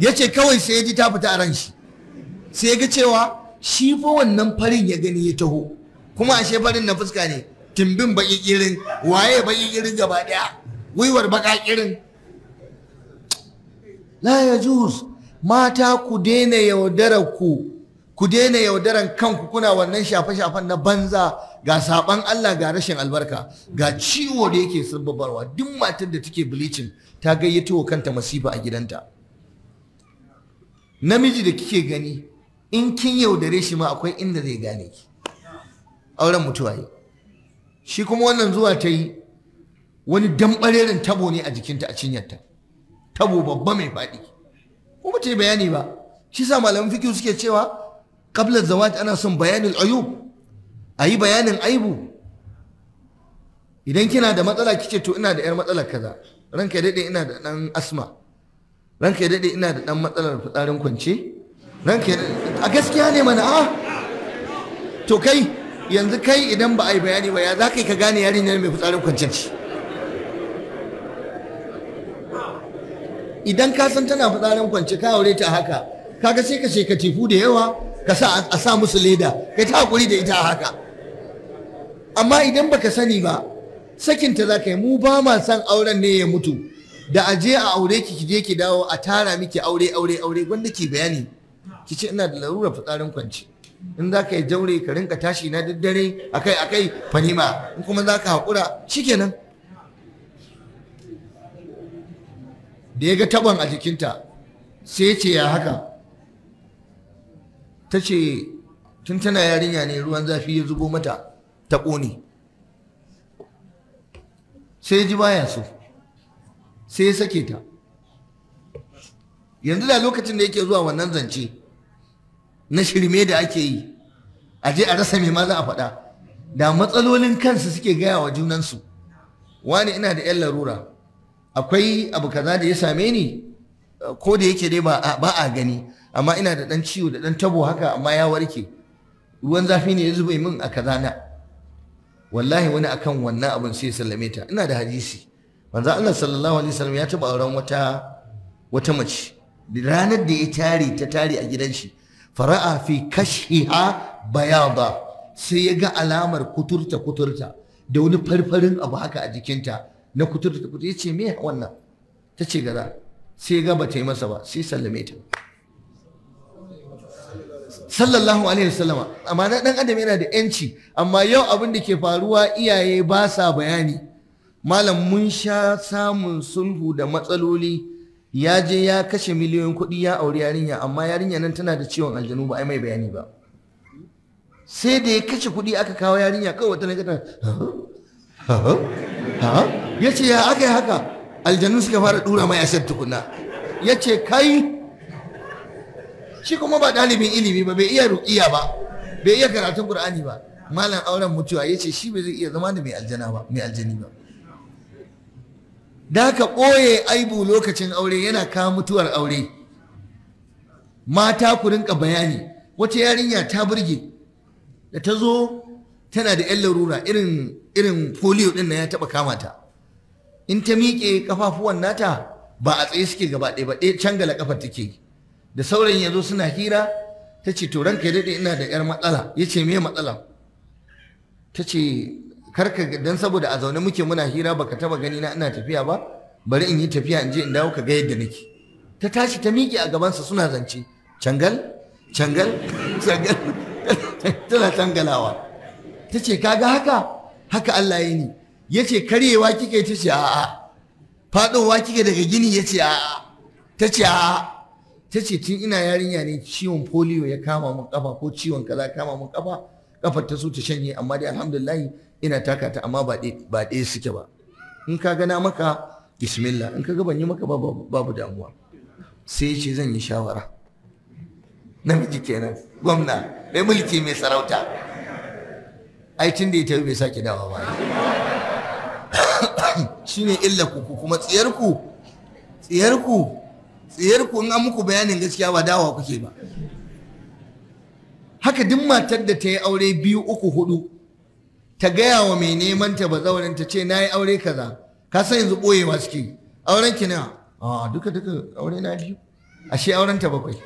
ya ce kawai sai ya ji ta fita a ran shi sai ya ga cewa shi fa wannan farin ya gani ya taho kuma a farin na fuska ne timbin baƙi kirin waye baƙi kirin gaba ɗaya? gwiwar baƙa kirin la juz mata ku daina yaudarar ku ku daina yaudaran kanku kuna wannan shafe-shafen na banza ga saban Allah ga rashin albarka ga ciwo da yake sababarwa duk matar da take bleaching ta gayyato wa kanta masifa a gidanta namiji da kike gani in kin yaudare shi ma akwai inda zai gane ki auren mutuwa yi shi kuma wannan zuwa ta yi wani dambarerin tabo ne a jikinta a cinyarta tabo babba mai faɗi ko yi bayani ba shi sa malamin fikihu suke cewa qabla zawaj ana son bayanin ayub a yi bayanin aibu idan kina da matsala kice to ina da yar matsalar kaza ranka ya daɗe ina da ɗan asma ranka ya daɗe ina da ɗan matsalar fitsarin kwance ranka ya a gaskiya ne mana a to kai yanzu kai idan ba a yi bayani ba ya za ka yi ka gane yarinyar mai fitsarin kwancen ce idan ka san tana fitsarin kwance ka aure ta haka kaga sai ka ce ka tifu da yawa ka sa a sa musu leda kai ta hakuri da ita haka amma idan baka sani ba sakin ta ka yi mu ba ma san auren ne ya mutu da aje a aure ki ki je ki dawo a tara miki aure aure aure gwanda ki bayani ki ce ina da larura fitsarin kwance in za ka yi jaure ka rinka tashi na daddare akai akai fanima in kuma za ka haƙura shikenan da ya ga taban a jikinta sai ya ce ya haka ta ce tun tana yarinya ne ruwan zafi ya zubo mata ta ƙone sai ji baya so sai ya sake ta yanzu da lokacin da yake zuwa wannan zance na shirme da ake yi a je a rasa mai ma za a faɗa da matsalolin kansu suke gaya wa junansu wani ina da 'yan larura akwai abu kaza da ya same ni ko da yake dai ba a gani amma ina da dan ciwo da dan tabo haka amma ya warke ruwan zafi ne ya zube min a kaza na wallahi wani akan wannan abun sai sallame ta ina da hadisi manzo Allah sallallahu alaihi wasallam ya taba auren wata wata mace ranar da ya tare ta tare a gidan shi fara'a fi kashiha bayada sai ya ga alamar kuturta kuturta da wani farfarin abu haka a jikinta na kutur ta kutur yace me wannan ta ce gaza sai ga ba ta yi masa ba sai sallame ta sallallahu alaihi wasallama amma na dan adam yana da yanci amma yau abin da ke faruwa iyaye ba sa bayani malam mun sha samun sulhu da matsaloli ya je ya kashe miliyoyin kuɗi ya auri yarinya amma yarinya nan tana da ciwon aljanu ba ai mai bayani ba sai da ya kashe kuɗi aka kawo yarinya kawai wata na ya ce ya aka yi haka aljanu suka fara dura mai asar tukuna ya ce kai shi kuma ba ɗalibin ilimi ba bai iya ruƙiya ba bai iya karatun ƙur'ani ba malam auren mutuwa ya ce shi bai zai iya zama da mai aljana ba mai aljani ba da ka ɓoye aibu lokacin aure yana kawo mutuwar aure mata ku rinka bayani wata yarinya ta burge da ta zo tana da 'yan larura irin irin polio din na ya taba kama ta in ta miƙe kafafuwan nata ba a tsaye suke gaba ɗaya ba ɗaya cangala kafar take da sauran ya zo suna hira ta ce to ranka ya daɗe ina da 'yar matsala ya ce me matsala ta ce karka don saboda a zaune muke muna hira baka taba gani na ina tafiya ba bari in yi tafiya in je in dawo ka ga yadda nake ta tashi ta miƙe a gabansa suna zance cangal cangal cangal tana cangalawa. ta ce kaga haka haka Allah ya ni ya ce karyewa kike ta ce a'a faɗowa kike daga gini ya ce a'a ta ce a'a ta ce tun ina yarinya ne ciwon polio ya kama mun kafa ko ciwon kaza kama mun kafa kafar ta so ta shanye amma dai alhamdulillah ina taka ta amma ba ba ɗaya suke ba in ka gana maka bismillah in ka ga ban yi maka babu damuwa sai ya ce zan yi shawara namiji kenan gwamna mai mulki mai sarauta ai tun da ya tafi bai sake dawa ba ne illa ku kuma tsiyar ku kuma ku tsiyar ku in an muku bayanin gaskiya ba dawa kuke ba haka duk matar da ta yi aure biyu uku hudu ta gaya wa mai neman ta bazaurin ta ce na yi aure kaza ka san yanzu boyewa suke auren ki na a duka duka aure na biyu ashe auren ta bakwai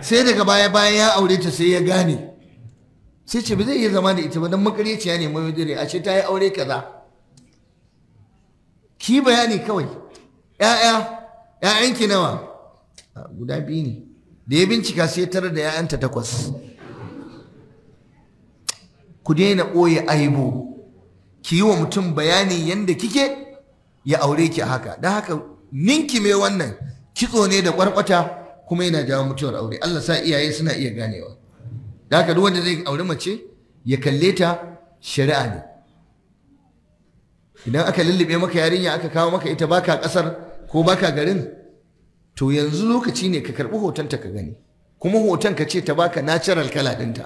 sai daga baya bayan ya aure ta sai ya gane sai ce ba zai iya zama da ita ba don makaryaciya ne mai dare a ce ta yi aure kaza ki bayani kawai ya'ya ya'yanki nawa guda biyu ne da ya bincika sai tara da ya'yanta takwas ku daina ɓoye aibo ki yi wa mutum bayani yadda kike ya aure ki haka don haka ninki mai wannan kitso ne da kwarkwata kuma yana jawo mutuwar aure Allah sa iyaye suna iya ganewa da haka duk wanda zai auri mace ya kalle ta shari'a ne idan aka lullube maka yarinya aka kawo maka ita baka kasar ko baka garin to yanzu lokaci ne ka karbi hotonta ka gani kuma hoton ka ce ta baka natural kala dinta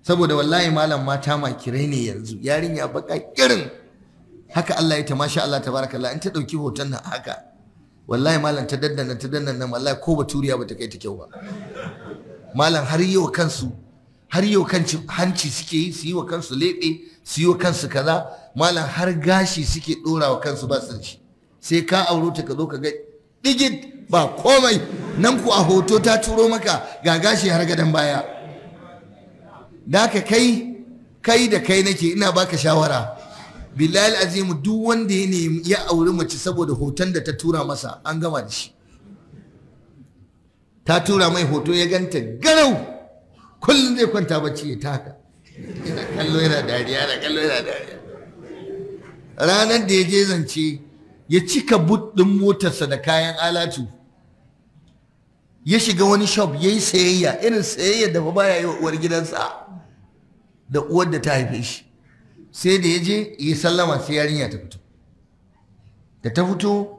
saboda wallahi malam mata makirai ne yanzu yarinya baka irin haka Allah ya ta masha Allah tabarakallah in ta dauki hoton nan haka wallahi malam ta daddana ta daddana wallahi ko baturiya bata kai ta kyau ba malam har yau kansu har yau hanci suke yi su yi wa kansu leɓe su yi wa kansu kaza malam har gashi suke ɗora wa kansu ba sai ka auro ta ka zo ka ga digit ba komai nan ku a hoto ta turo maka ga gashi har gadon baya da ka kai kai da kai nake ina baka shawara bilal azimu duk wanda ya nemi ya auri mace saboda hoton da ta tura masa an gama da shi ta tura mai hoto ya ganta garau kullum zai kwanta bacci ya taka yana kallo yana dariya yana kallo yana dariya ranar da ya je zance ya cika but motarsa da kayan alatu ya shiga wani shop ya yi sayayya irin sayayya da baya yi wa uwar gidansa da uwar da ta haife shi sai da ya je ya sallama sai yarinya ta fito da ta fito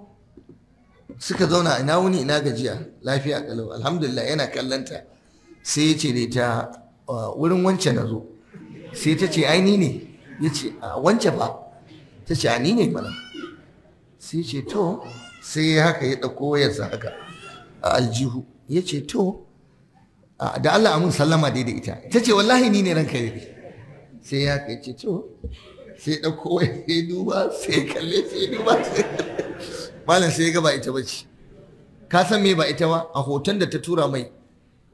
suka zauna ina wuni ina gajiya lafiya kalau alhamdulillah yana kallanta sai ya ce da ita ah, wurin wance na zo sai ta ce ai ni ne ya ce a ah, wance fa ta ce a ah, ni ne mana sai ce to sai haka ya ɗauko wayarsa haka a aljihu ya ce to da Allah amin sallama dai da ita ta ce wallahi ni ne ranka yi sai ya haka ya ce to sai ɗauko wayar sai duba sai kalle sai duba sai malam sai ya gaba ita bace ka san me ba ita ba a hoton da ta tura mai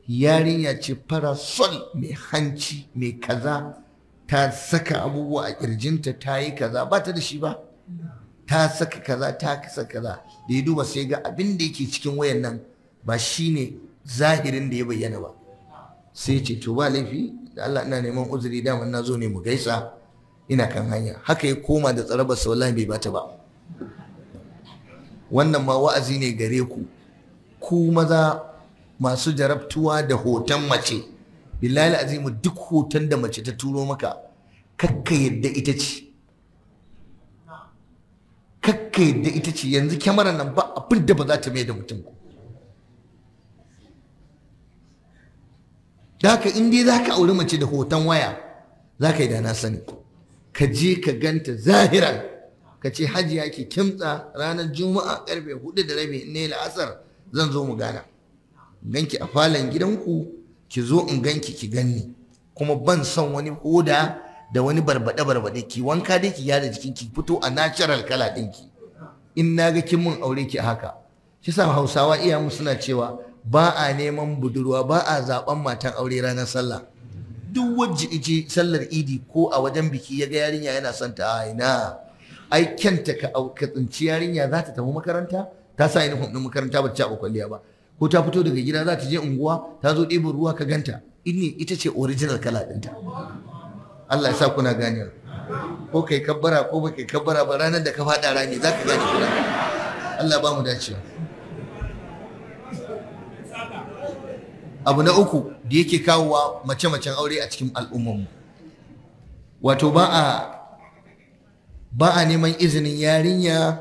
yarinya ce farasol mai hanci mai kaza ta saka abubuwa a kirjinta ta yi kaza ba ta da shi ba ta saka kaza ta kasa kaza da ya duba sai ga abin da yake cikin wayan nan ba shi ne zahirin da ya bayyana ba sai ce to ba laifi da Allah ina neman uzuri daman na zo ne mu gaisa ina kan hanya haka ya koma da tsarabar wallahi bai bata ba wannan ma wa'azi ne gare ku ku maza masu jarabtuwa da hoton mace billahi azimu duk hoton da mace ta turo maka kakka yadda ita ce kakka yadda ita ce yanzu kyamara nan ba abin da ba za ta mai da mutum ko da haka in dai za ka auri mace da hoton waya za ka yi da na sani ka je ka ganta zahiran ka ce hajiya ke kimtsa ranar juma'a karfe hudu da rabi ne la'asar zan zo mu gana ganki a falon gidanku ki zo in ganki ki ganni kuma ban son wani hoda da wani barbade barbade ki wanka dai ki gyara jikin ki fito a natural kala ɗinki in na ga kin mun aure ki haka shi sa hausawa iyamu suna cewa ba a neman budurwa ba a zaben matan aure ranar sallah duk wajji ije sallar idi ko a wajen biki ya ga yarinya yana son ta aina ai kyanta ka tsinci yarinya za ta tafi makaranta ta sa ni hudu makaranta ba ta kwalliya ba ko ta fito daga gida za ta je unguwa ta zo ɗibin ruwa ka ganta inni ita ce original kala ɗinta Allah ya sa kuna ganiyar ko kai kabbara ko ba kai kabbara ba ranar da ka faɗa rami za ka gane kuna Allah ba mu dacewa abu na uku da yake kawowa mace-macen aure a cikin al'ummarmu wato ba a ba a neman izinin yarinya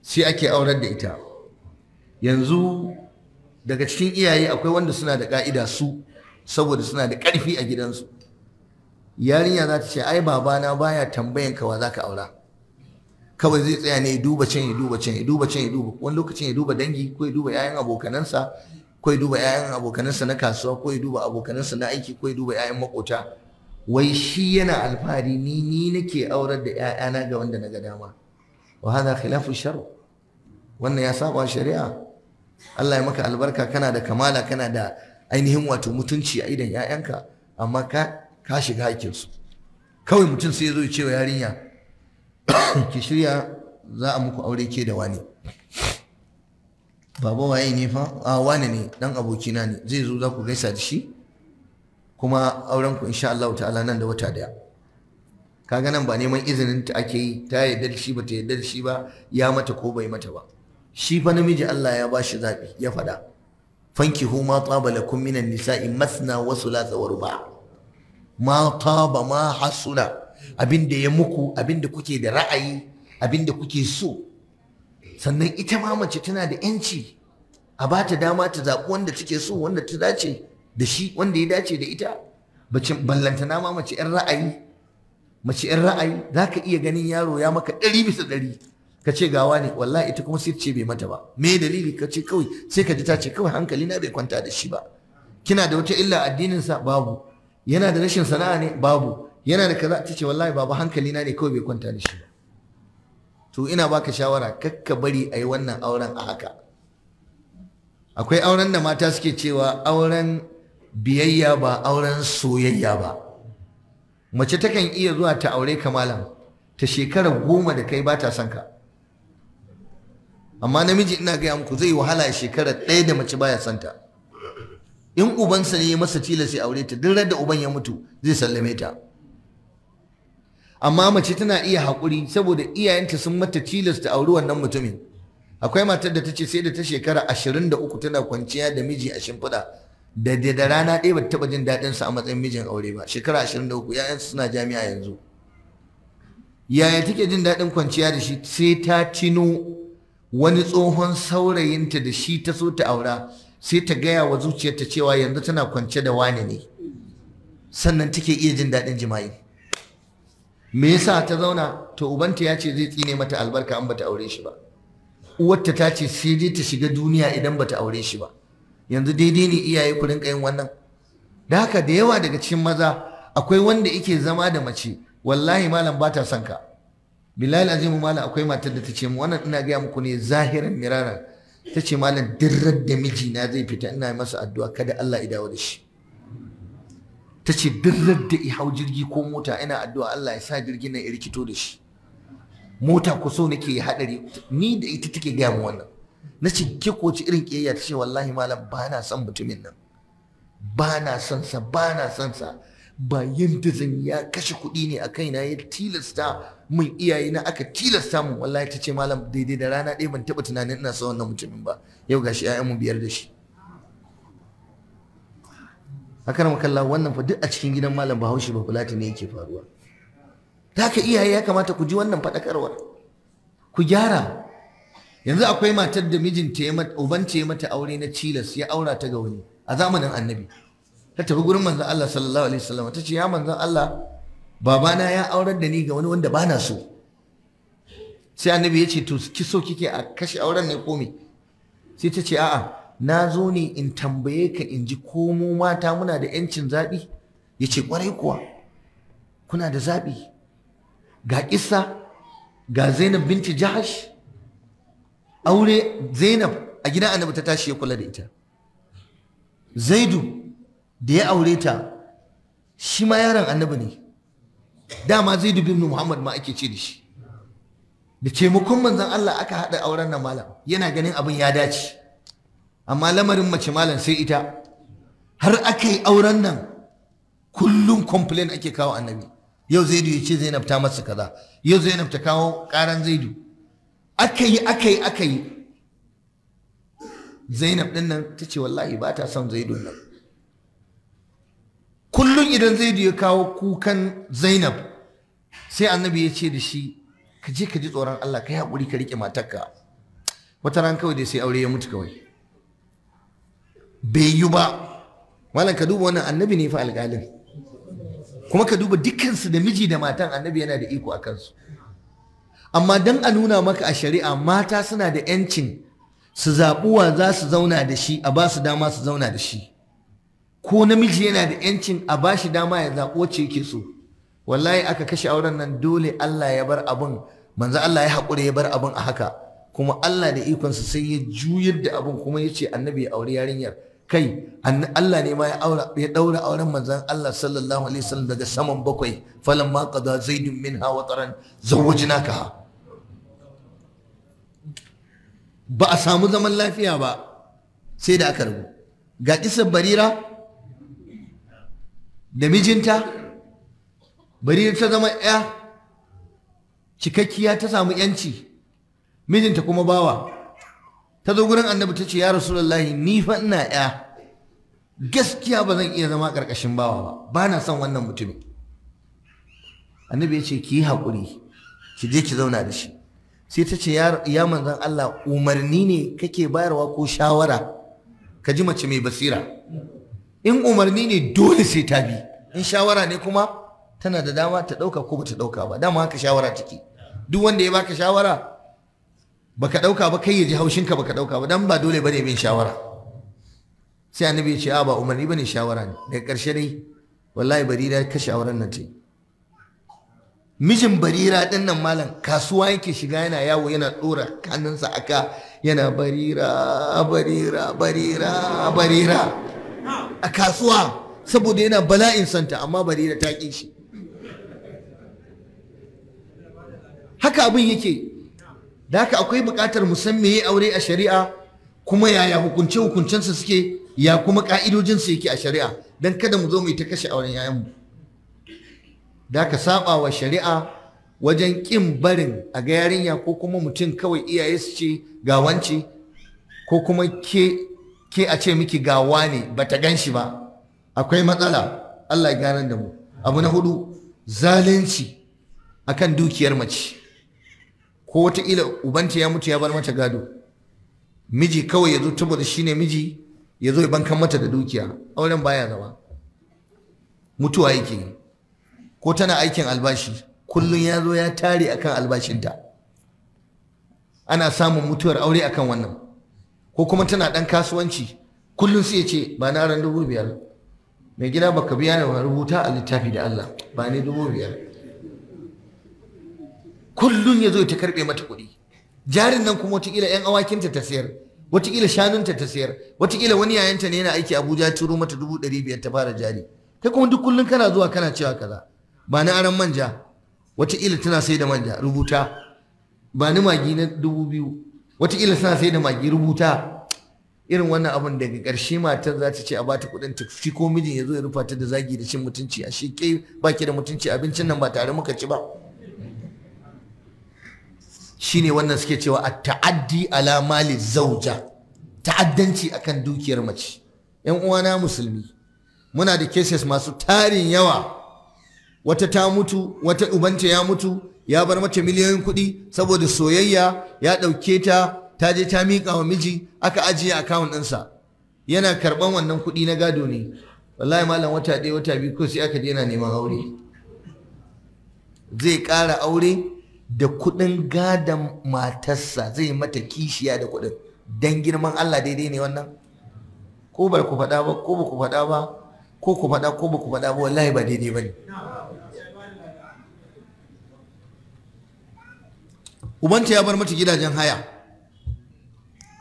sai ake aurar da ita yanzu daga cikin iyaye akwai wanda suna da ka'ida su saboda suna da ƙarfi a gidansu yarinya za ta ce ai babana baya tambayan kawa za ka aura kawai zai tsaya ne ya duba can ya duba can ya duba can ya duba wani lokacin ya duba dangi ko ya duba 'ya'yan abokanansa ko ya duba 'ya'yan abokanansa na kasuwa ko ya duba abokanansa na aiki ko ya duba 'ya'yan makota wai shi yana alfahari ni ni nake aurar da 'ya'yana ga wanda na ga dama wa hada khilafu shar wannan ya saba shari'a Allah ya maka albarka kana da kamala kana da ainihin wato mutunci a idan 'ya'yanka amma ka ka shiga haƙƙinsu kawai mutum sai ya zo ya ce wa yarinya ki shirya za a muku aure ke da wani baba waye ne fa a wani ne dan abokina ne zai zo za ku gaisa da shi kuma auren ku insha Allah ta'ala nan da wata daya kaga nan ba neman izinin ta ake yi ta yarda da shi ba ta yarda da shi ba ya mata ko bai mata ba shi fa namiji Allah ya bashi zabi ya faɗa fankihu ma taba lakum minan nisa'i masna wa thulatha wa ruba ma taba ma hasuna abinda ya muku abinda kuke da ra'ayi abinda kuke so sannan ita ma mace tana da yanci a ba ta dama ta zaɓi wanda take so wanda ta dace da shi wanda ya dace da ita bacin na ma mace 'yan ra'ayi mace 'yan ra'ayi za ka iya ganin yaro ya maka ɗari bisa ɗari ka ce gawa ne wallahi ita kuma sai ce bai mata ba me dalili ka ce kawai sai ka ji ta ce kawai hankali na bai kwanta da shi ba kina da wata illa addinin sa babu yana da rashin sana'a ne babu yana da kaza ta ce wallahi babu hankali na ne kawai bai kwanta da shi ba to ina baka shawara kakka bari a yi wannan auren a haka akwai auren da mata suke cewa auren biyayya ba auren soyayya ba mace takan iya zuwa ta aure kamalan, ta shekara goma da kai ba ta son ka amma namiji ina gaya muku zai wahala shekarar ɗaya da mace baya santa in ubansa ne ya masa tilas sai aure ta duk da uban ya mutu zai sallame ta amma mace tana iya haƙuri saboda iyayenta sun mata tilas ta auri wannan mutumin akwai matar da ta ce sai da ta shekara ashirin da uku tana kwanciya da miji a shimfiɗa da da rana ɗaya bata taɓa jin daɗin sa a matsayin mijin aure ba shekara ashirin da uku ‘ya'yansu suna jami'a yanzu yaya take jin daɗin kwanciya da shi sai ta tino wani tsohon saurayinta da shi ta so ta aura sai ta gaya wa zuciyarta cewa yanzu tana kwance da wani ne sannan take iya jin daɗin jima'i me yasa ta zauna to ubanta ya ce zai tsine mata albarka an bata aure shi ba uwarta ta ce sai dai ta shiga duniya idan bata aure shi ba yanzu daidai ne iyaye ku rinka yin wannan da haka da yawa daga cikin maza akwai wanda yake zama da mace wallahi malam bata son ka bilal azimu malam akwai matar da ta ce wannan ina gaya muku ne zahiran mirara ta ce malam dirrar da mijina zai fita ina masa addu'a kada Allah ya dawo da shi ta ce dirrar da hau jirgi ko mota ina addu'a Allah ya sa jirgin nan ya rikito da shi mota ku so nake hadari ni da ita take gaya mu wannan na ce ke ko irin kiyayya ta ce wallahi malam ba na son mutumin nan ba na son sa ba na son sa ba da zan ya kashe kuɗi ne a kaina ya tilasta mun iyaye na aka tilasta mu wallahi ta ce malam daidai da rana ɗaya ban taɓa tunanin ina son wannan mutumin ba yau gashi ƴaƴan mu biyar da shi haka na kalla wannan fa duk a cikin gidan malam bahaushe ba fulati ne yake faruwa ta haka iyaye ya kamata ku ji wannan faɗakarwar ku gyara yanzu akwai matar da mijinta ya mata uban ce mata aure na cilas ya aura ta ga wani a zamanin annabi ta tafi gurin manzon Allah sallallahu alaihi wasallam ta ce ya manzon Allah babana ya aurar da ni ga wani wanda bana so sai annabi ya ce to ki so kike a kashe auren ne ko me sai ta ce a'a na zo ne in tambaye ka in ji ko mu mata muna da yancin zaɓi ya ce kwarai kuwa kuna da zaɓi ga isa ga zainab binti jahash aure zainab a gidan annabi ta tashi ya kula da ita zaidu da ya aure ta shi ma yaron annabi ne dama zai dubi muhammad ma ake ce da shi da taimakon manzan Allah aka haɗa auren nan malam yana ganin abin ya dace amma lamarin mace malam sai ita har aka yi auren nan kullum complain ake kawo annabi yau zaidu ya ce zainab ta masa kaza yau zainab ta kawo karan zaidu aka yi aka yi aka yi zainab ɗin nan ta ce wallahi ba ta son zaidun nan kullum idan zaidu ya kawo kukan zainab sai annabi ya ce da shi ka je ka ji tsoron Allah ka yi haƙuri ka riƙe matarka wata ran kawai dai sai aure ya mutu kawai bai yi ba wannan ka duba wannan annabi ne fa alƙalin kuma ka duba dukkansu da miji da matan annabi yana da iko a kansu amma don a nuna maka a shari'a mata suna da 'yancin su zaɓuwa za su zauna da shi a ba su dama su zauna da shi ko namiji yana da yancin a bashi dama ya zaɓo wacce yake so wallahi aka kashe auren nan dole Allah ya bar abin manzo Allah ya haƙura ya bar abin a haka kuma Allah da ikonsa sai ya juyar da abin kuma ya ce annabi ya auri yarinyar kai Allah ne ma ya daura auren manzon Allah sallallahu alaihi wasallam daga saman bakwai falan ma qada zaidun minha wa taran zawwajnaka ba a samu zaman lafiya ba sai da aka rubu ga kisan barira da mijinta bari ta zama ya cikakkiya ta samu yanci mijinta kuma bawa ta zo gurin annabi ta ce ya rasulullahi ni fa ina ya gaskiya ba zan iya zama ƙarƙashin bawa ba ba na son wannan mutumin annabi ya ce ki yi haƙuri ki je ki zauna da shi sai ta ce ya manzan Allah umarni ne kake bayarwa ko shawara ka ji mace mai basira in umarni ne dole sai ta bi in shawara ne kuma tana da dama ta ɗauka ko ba ta ɗauka ba dama haka shawara take duk wanda ya baka shawara baka ɗauka ba kai ya ji ka baka ɗauka ba dan ba dole bane bin shawara sai annabi ya ce a ba umarni bane shawara ne daga karshe dai wallahi barira ka shawaran nan ce mijin barira din nan malam kasuwa yake shiga yana yawo yana ɗora hannunsa aka yana barira barira barira barira a kasuwa saboda yana bala'in santa amma Bari da taƙi shi haka abin yake da haka akwai buƙatar musamman ya aure a shari'a kuma yaya hukunce hukuncensa suke ya kuma ƙa'idojinsa yake a shari'a don kada mu zo mu yi ta kashe auren 'ya'yanmu da haka saba wa shari'a wajen ƙin barin a ga yarinya ko kuma mutum kawai iyaye su ce ga wance ko kuma ke ke a ce miki gawa ne ba ta gan shi ba akwai matsala Allah ya ganar da mu abu na hudu zalunci akan dukiyar mace ko wataƙila ubanta ya mutu ya bar mata gado miji kawai ya zo saboda shi ne miji ya zo ya bankan mata da dukiya auren baya zama mutuwa yake yi ko tana aikin albashi kullum ya zo ya tare akan albashinta ana samun mutuwar aure akan wannan ko kuma tana ɗan kasuwanci kullum sai ya ce ba na ran dubu biyar mai gida baka biya ne ba rubuta a littafi da Allah ba ne dubu biyar kullum ya zo ta karɓe mata kuɗi jarin nan kuma watakila 'yan awakinta ta sayar watakila shanunta ta sayar watakila wani yayanta ne yana aiki abuja turo mata dubu ɗari biyar ta fara jari kai kuma duk kullum kana zuwa kana cewa kaza ba na aran manja watakila tana sai da manja rubuta ba ni magi na dubu biyu wataƙila suna sai da magi rubuta irin wannan abin daga ƙarshe matar za ta ce a bata kuɗin ta fi ko mijin ya zo ya rufa ta da zagi da cin mutunci a shi ke baki da mutunci abincin nan ba tare muka ci ba shine wannan suke cewa a ta'addi ala mali zauja ta'addanci a kan dukiyar mace yan uwana musulmi muna da cases masu tarin yawa wata ta mutu wata ubanta ya mutu ya bar mata miliyoyin kuɗi saboda soyayya ya ɗauke ta ta je ta miƙa wa miji aka ajiye akawun ɗinsa yana karɓan wannan kuɗi na gado ne wallahi malam wata ɗaya wata biyu ko sai aka je yana neman aure zai ƙara aure da kuɗin gadon matarsa zai mata kishiya da kuɗin dan girman Allah daidai ne wannan ko ba ku faɗa ba ko ba ku faɗa ba ko ku faɗa ko ba ku faɗa ba wallahi ba daidai ba ne. ubanta ya bar mata gidajen haya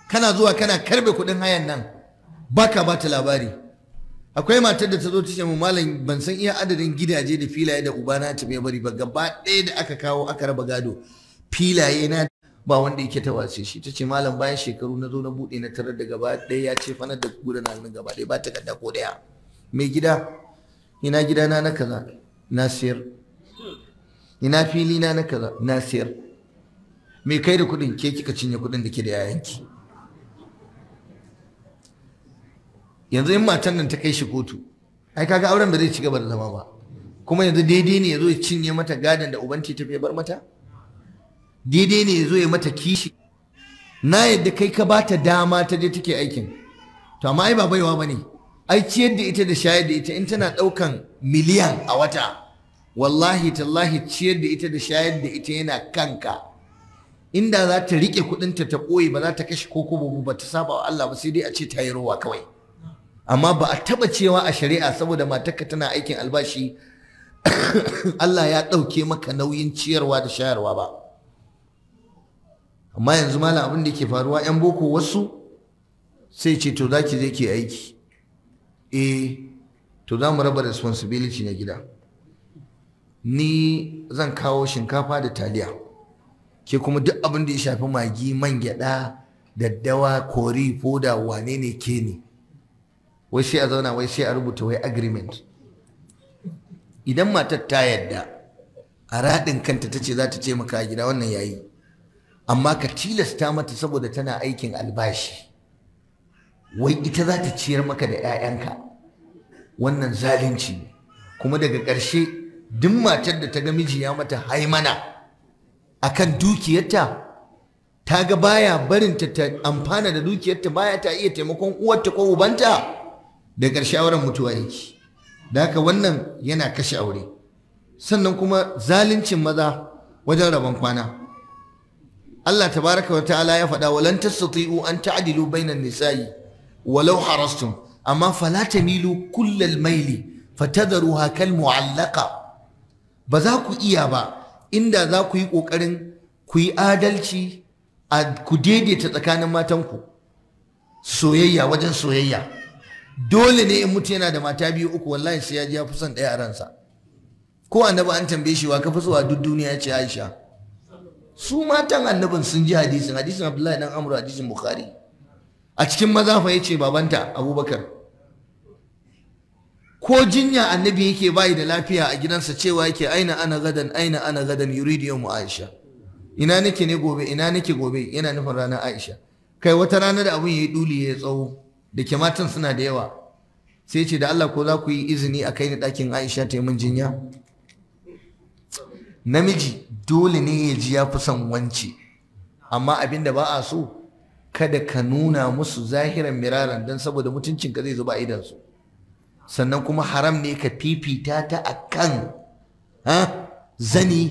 kana zuwa kana karbe kuɗin hayan nan baka bata labari akwai matar da ta zo ta ce mu malam ban san iya adadin gidaje da filaye da ubana ta mai bari ba gaba ɗaya da aka kawo aka raba gado filaye na ba wanda yake ta wace shi ta ce malam bayan shekaru na zo na buɗe na tarar da gaba ɗaya ya ce fana da gudu na nan gaba ɗaya ba ta kadda ko ɗaya mai gida ina gidana na kaza na siyar ina filina na kaza na siyar me kai da kuɗin ke kika cinye kuɗin da ke da yayanki yanzu in matan nan ta kai shi kotu ai kaga auren ba zai ci gaba da zama ba kuma yanzu daidai ne ya zo ya cinye mata gadon da ubanti ta bar mata daidai ne ya zo ya mata kishi na yadda kai ka bata dama ta je take aikin to amma ai ba baiwa bane ai ciyar da ita da shayar da ita in tana daukan miliyan a wata wallahi tallahi ciyar da ita da shayar da ita yana kanka inda za ta rike kuɗinta ta ɓoye ba za ta kashe ko kobo ba ta saba wa Allah ba sai dai a ce ta yi rowa kawai amma ba a taba cewa a shari'a saboda matarka tana aikin albashi Allah ya ɗauke maka nauyin ciyarwa da shayarwa ba amma yanzu malam abin da ke faruwa yan boko wasu sai ce to za ki je ki aiki eh to za mu raba responsibility na gida ni zan kawo shinkafa da taliya ke kuma duk abin da ya shafi magi man gyada daddawa kori foda wane ne ke ne wai sai a zauna wai sai a rubuta wai agreement idan matar ta yadda a raɗin kanta ta ce za ta ce maka gida wannan yayi amma ka tilasta mata saboda tana aikin albashi wai ita za ta ciyar maka da 'ya'yanka wannan zalunci kuma daga ƙarshe duk matar da ta ga miji ya mata haimana akan dukiyarta ta ga baya barinta ta amfana da dukiyarta baya ta iya taimakon uwarta ko ubanta da ƙarshe auren mutuwa yake da haka wannan yana kashe aure sannan kuma zaluncin maza wajen rabon kwana Allah tabaraka wa ta'ala ya faɗa walan tastati'u an ta'dilu bainan nisa'i walau harastum amma fala tamilu kullal maili fatadharuha kal mu'allaqa ba za ku iya ba inda za ku yi ƙoƙarin ku yi adalci a ku daidaita tsakanin matanku soyayya wajen soyayya dole ne in mutu yana da mata biyu uku wallahi sai ya ji ya fi ɗaya a ransa ko annabi an tambaye shi wa ka fi duk duniya ce Aisha su matan annabin sun ji hadisin hadisin Abdullahi dan Amr hadisin Bukhari a cikin maza fa yace babanta Abubakar ko jinya annabi yake bayi da lafiya a gidansa cewa yake aina ana gadan aina ana gadan yuridu mu aisha ina nake ne gobe ina nake gobe yana nufin ranar aisha kai wata rana da abin yayi duli ya tsawo da ke suna da yawa sai ce da Allah ko za ku yi izini a kai ni dakin aisha ta yi min jinya namiji dole ne ya ji ya fi son wance amma abin da ba a so kada ka nuna musu zahiran miraran don saboda mutuncinka zai zuba idansu sannan kuma haram ne ka fifita ta a kan zani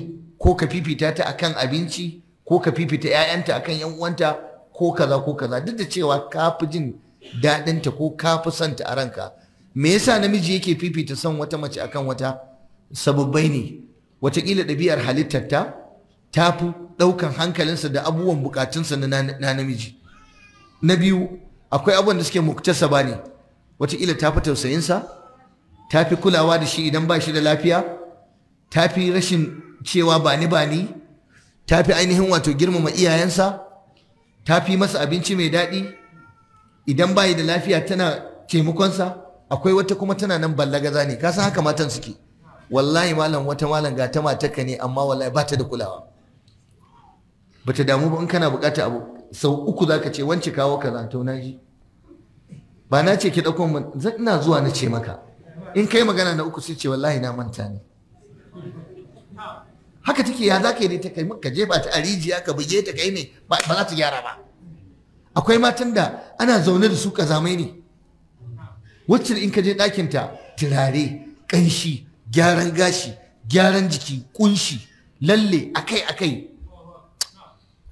ko ka fifita ta a kan abinci ko ka fifita 'ya'yanta akan 'yan uwanta ko kaza ko kaza duk da cewa ka fi jin daɗinta ko ka fi santa a ranka me yasa namiji yake fifita son wata mace a kan wata sababbai ne watakila ɗabi'ar halittarta ta fi ɗaukan hankalinsa da abubuwan bukatunsa na namiji na biyu akwai abubuwan da suke muktasaba ne wataƙila ta fi tausayinsa ta fi kulawa da shi idan ba shi da lafiya ta fi rashin cewa ba ni ba ni ta fi ainihin wato girmama iyayensa ta fi masa abinci mai daɗi idan ba da lafiya tana taimakonsa akwai wata kuma tana nan ballagaza ne kasan haka matan suke wallahi malam wata malam ga ta mataka ne amma wallahi ba ta da kulawa bata damu ba in kana bukata abu sau uku za ka ce wance kawo kaza to na ji ba na ce ki ɗauko zan ina zuwa na ce maka in kai magana na uku sai ce wallahi na manta ne haka take ya za ka yi ta kai ka jefa ta a rijiya ka buge ta kai ne ba za ta gyara ba akwai matan da ana zaune da su kazamai ne wacce in ka je ta tirare, ƙanshi gyaran gashi gyaran jiki ƙunshi lalle akai akai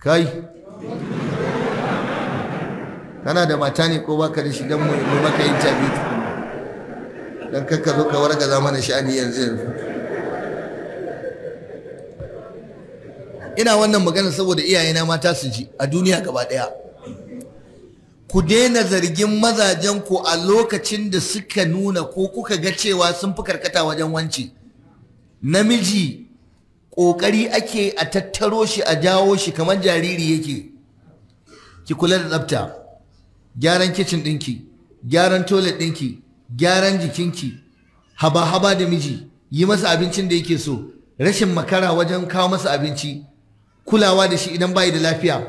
kai kana da mata ne ko baka da shi don mu maka interview don kakka zo ka warga da sha'ani yanzu yanzu ina wannan magana saboda iyayena mata su ji a duniya gaba daya ku daina zargin mazajen ku a lokacin da suka nuna ko kuka ga cewa sun fi karkata wajen wance. namiji ƙoƙari ake a tattaro shi a jawo shi kamar jariri yake ki kula da tsafta gyaran kicin ɗinki gyaran toilet ɗinki gyaran jikinki haba-haba da miji yi masa abincin da yake so rashin makara wajen kawo masa abinci kulawa da shi idan bayi da lafiya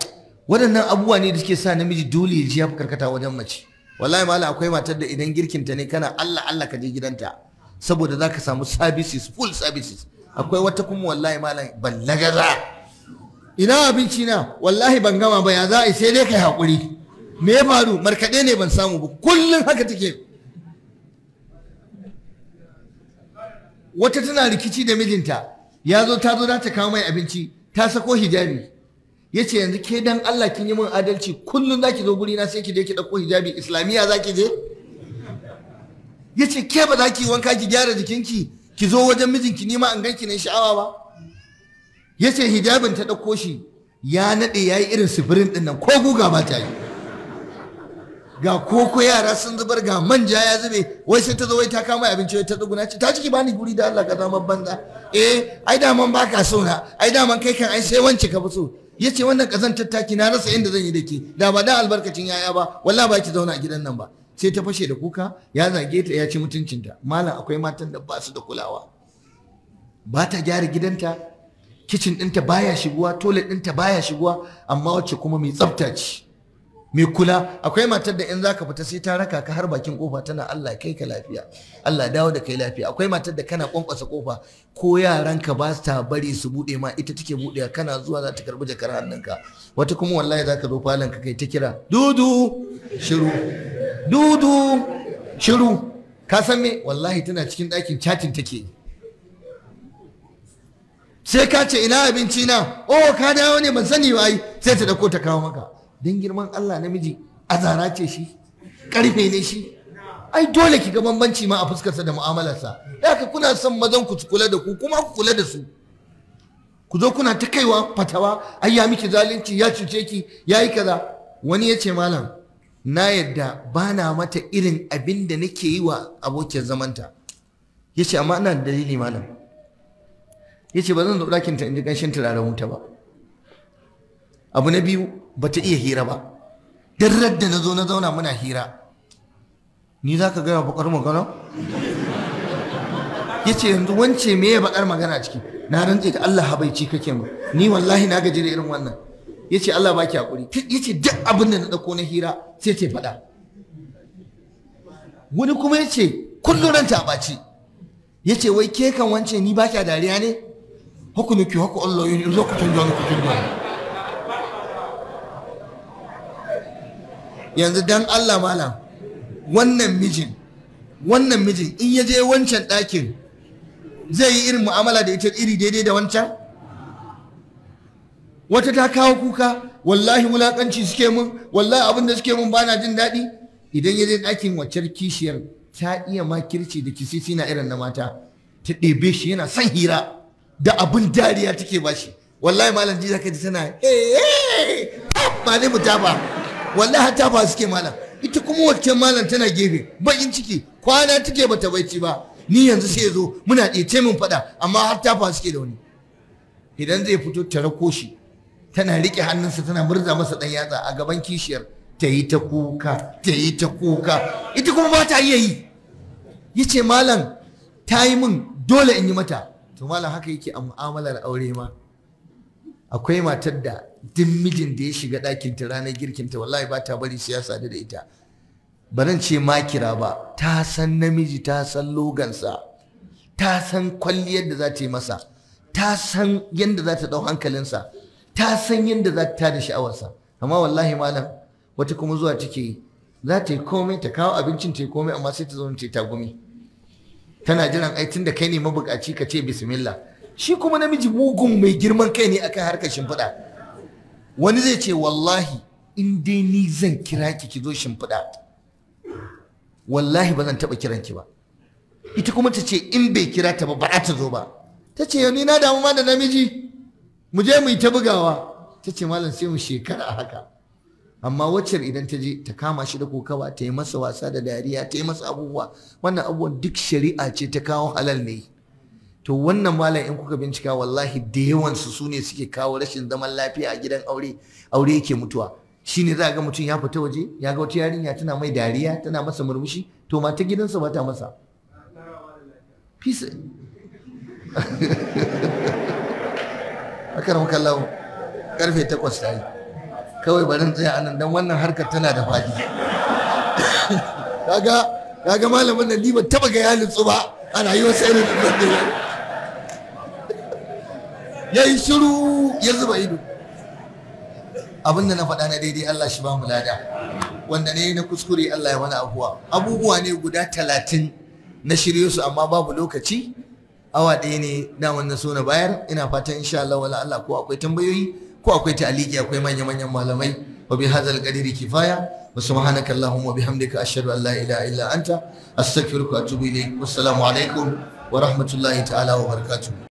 waɗannan abubuwa ne da suke sa namiji dole ya ji ya karkata wajen mace wallahi mala akwai matar da idan girkin ta ne kana Allah Allah ka je gidanta saboda za ka samu services full services akwai wata kuma wallahi mala ballagaza ina abinci na wallahi ban gama ba ya za a sai dai kai hakuri. me ya faru markaɗe ne ban samu ba kullum haka take wata tana rikici da mijinta ya zo ta zo ta kawo mai abinci ta sako hijabi ya ce yanzu ke dan Allah kin yi min adalci kullum za ki zo guri na sai ki je ki ɗauko hijabi islamiyya za ki je ya ce ke ba za ki wanka ki gyara jikinki ki zo wajen mijinki nima an ganki na sha'awa ba ya ce hijabin ta ɗauko shi ya naɗe ya yi irin sifirin ɗin ko guga ba ta yi ga koko yara sun zubar ga manja ya zube wai sai ta zo wai ta kama abinci wai ta tsuguna ce ta ciki bani guri da Allah ka zama banza eh ai da man baka so na ai da man kai kan ai sai wance ka fi so yace wannan kazan tattaki na rasa inda zan yi da ke da ba da albarkacin yaya ba wallahi ba ki zauna a gidan nan ba sai ta fashe da kuka ya zage ta ya ci mutuncinta malam akwai matan da ba su da kulawa ba ta gyara gidanta kicin ɗinta baya shiguwa toilet ɗinta baya shiguwa amma wacce kuma mai tsafta ce mai kula akwai matar da in zaka fita sai ta raka ka har bakin kofa tana Allah kai ka lafiya Allah dawo da kai lafiya akwai matar da kana kwankwasa kofa ko yaranka ba ta bari su bude ma ita take budewa kana zuwa za ta karbi jakar hannunka wata kuma wallahi zaka zo falon ka kai ta kira dudu shiru dudu shiru ka san me wallahi tana cikin ɗakin chatin take sai ka ce ina abinci na oh ka dawo ne ban sani ba ai sai ta dauko ta kawo maka don girman Allah namiji a zara ce shi karfe ne shi ai dole ki ga bambanci ma a fuskarsa da mu'amalarsa da haka kuna son mazan ku kula da ku kuma ku kula da su ku zo kuna ta kaiwa fatawa ai ya miki zalunci ya cuce ki ya yi kaza wani ya ce malam na yadda ba na mata irin abin da nake yi wa abokin zamanta ya ce amma ina da dalili malam ya ce ba zan zo ɗakinta in ji ƙanshin turaren wuta ba abu na biyu ba ta iya hira ba don radda na zo na zauna muna hira ni za ka gaya bakar magana ya ce yanzu wance me ya bakar magana ciki na rantse da Allah habaici kake mu ni wallahi na gaji da irin wannan ya ce Allah baki hakuri ya ce duk abin da na ɗauko na hira sai ce faɗa wani kuma ya ce kullum ran ce? ya ce wai ke kan wance ni ba kya dariya ne hukunuki hukun Allah yin zo ku tun ku yanzu dan Allah malam wannan mijin wannan mijin in ya je wancan ɗakin zai yi irin mu'amala da ita iri daidai da wancan wata ta kawo kuka wallahi wulakanci suke mun wallahi abin da suke mun bana jin daɗi idan ya je ɗakin waccar kishiyar ta iya makirci da kisisi na irin na mata ta ɗebe shi yana son hira da abin dariya take ba shi wallahi malam ji zaka ji tana eh ba ne mu ba wallahi hatta ba suke malam ita kuma wacce malam tana gefe bakin ciki kwana take bata baici ba ni yanzu sai zo muna ce min faɗa amma har ta tafa suke da wani idan zai fito ta rako shi tana riƙe hannunsa tana murza masa ɗan yatsa a gaban kishiyar ta yi ta kuka ta yi ta kuka ita kuma ba ta iya yi ya ce malam ta yi min dole in yi mata to malam haka yake a mu'amalar aure ma akwai matar da duk mijin da ya shiga ɗakin ta ranar girkinta wallahi ba ta bari sai ya sadu da ita ba nan ce makira ba ta san namiji ta san logansa ta san kwalliyar da za ta yi masa ta san yadda za ta ɗau hankalinsa ta san yadda za ta da sha'awarsa amma wallahi malam wata kuma zuwa take yi za ta yi komai ta kawo abincin ta yi komai amma sai ta zo ta yi tagumi tana jiran ai tun da kai ne mabukaci ka ce bismillah shi kuma namiji mugun mai girman kai ne akan harkar shimfiɗa wani zai ce wallahi in dai ni zan kira ki ki zo shimfiɗa wallahi ba zan taɓa kiran ki ba ita kuma ta ce in bai kira ta ba ba ta zo ba ta ce yau ni na damu ma da namiji mu je mu yi ta bugawa ta ce malam sai mu shekara haka amma waccan idan ta je ta kama shi da kokawa ta yi masa wasa da dariya ta yi masa abubuwa wannan abubuwan duk shari'a ce ta kawo halal ne to wannan malam in kuka bincika wallahi da yawansu su ne suke kawo rashin zaman lafiya a gidan aure aure yake mutuwa shine za ga mutum ya fita waje ya ga wata yarinya tana mai dariya tana masa murmushi to mata gidansa ba ta masa peace akaram kallahu karfe takwas ta yi kawai barin tsaya anan dan wannan harkar tana da fadi kaga kaga malamin nan ni ba taba ga yalin tsuba a rayuwar sai irin da ya yi shiru ya zuba ido abin da na faɗa na daidai Allah shi ba mu lada wanda ne na kuskure Allah ya mana abuwa abubuwa ne guda talatin na shirye su amma babu lokaci awa ɗaya ne daman na so na bayar ina fatan insha Allah wala Allah ko akwai tambayoyi ko akwai ta'aliki akwai manya manyan malamai wa bi hadzal qadiri kifaya wa subhanaka allahumma bihamdika ashhadu an la ilaha illa anta astaghfiruka wa atubu ilayk wassalamu alaikum wa rahmatullahi ta'ala wa barakatuh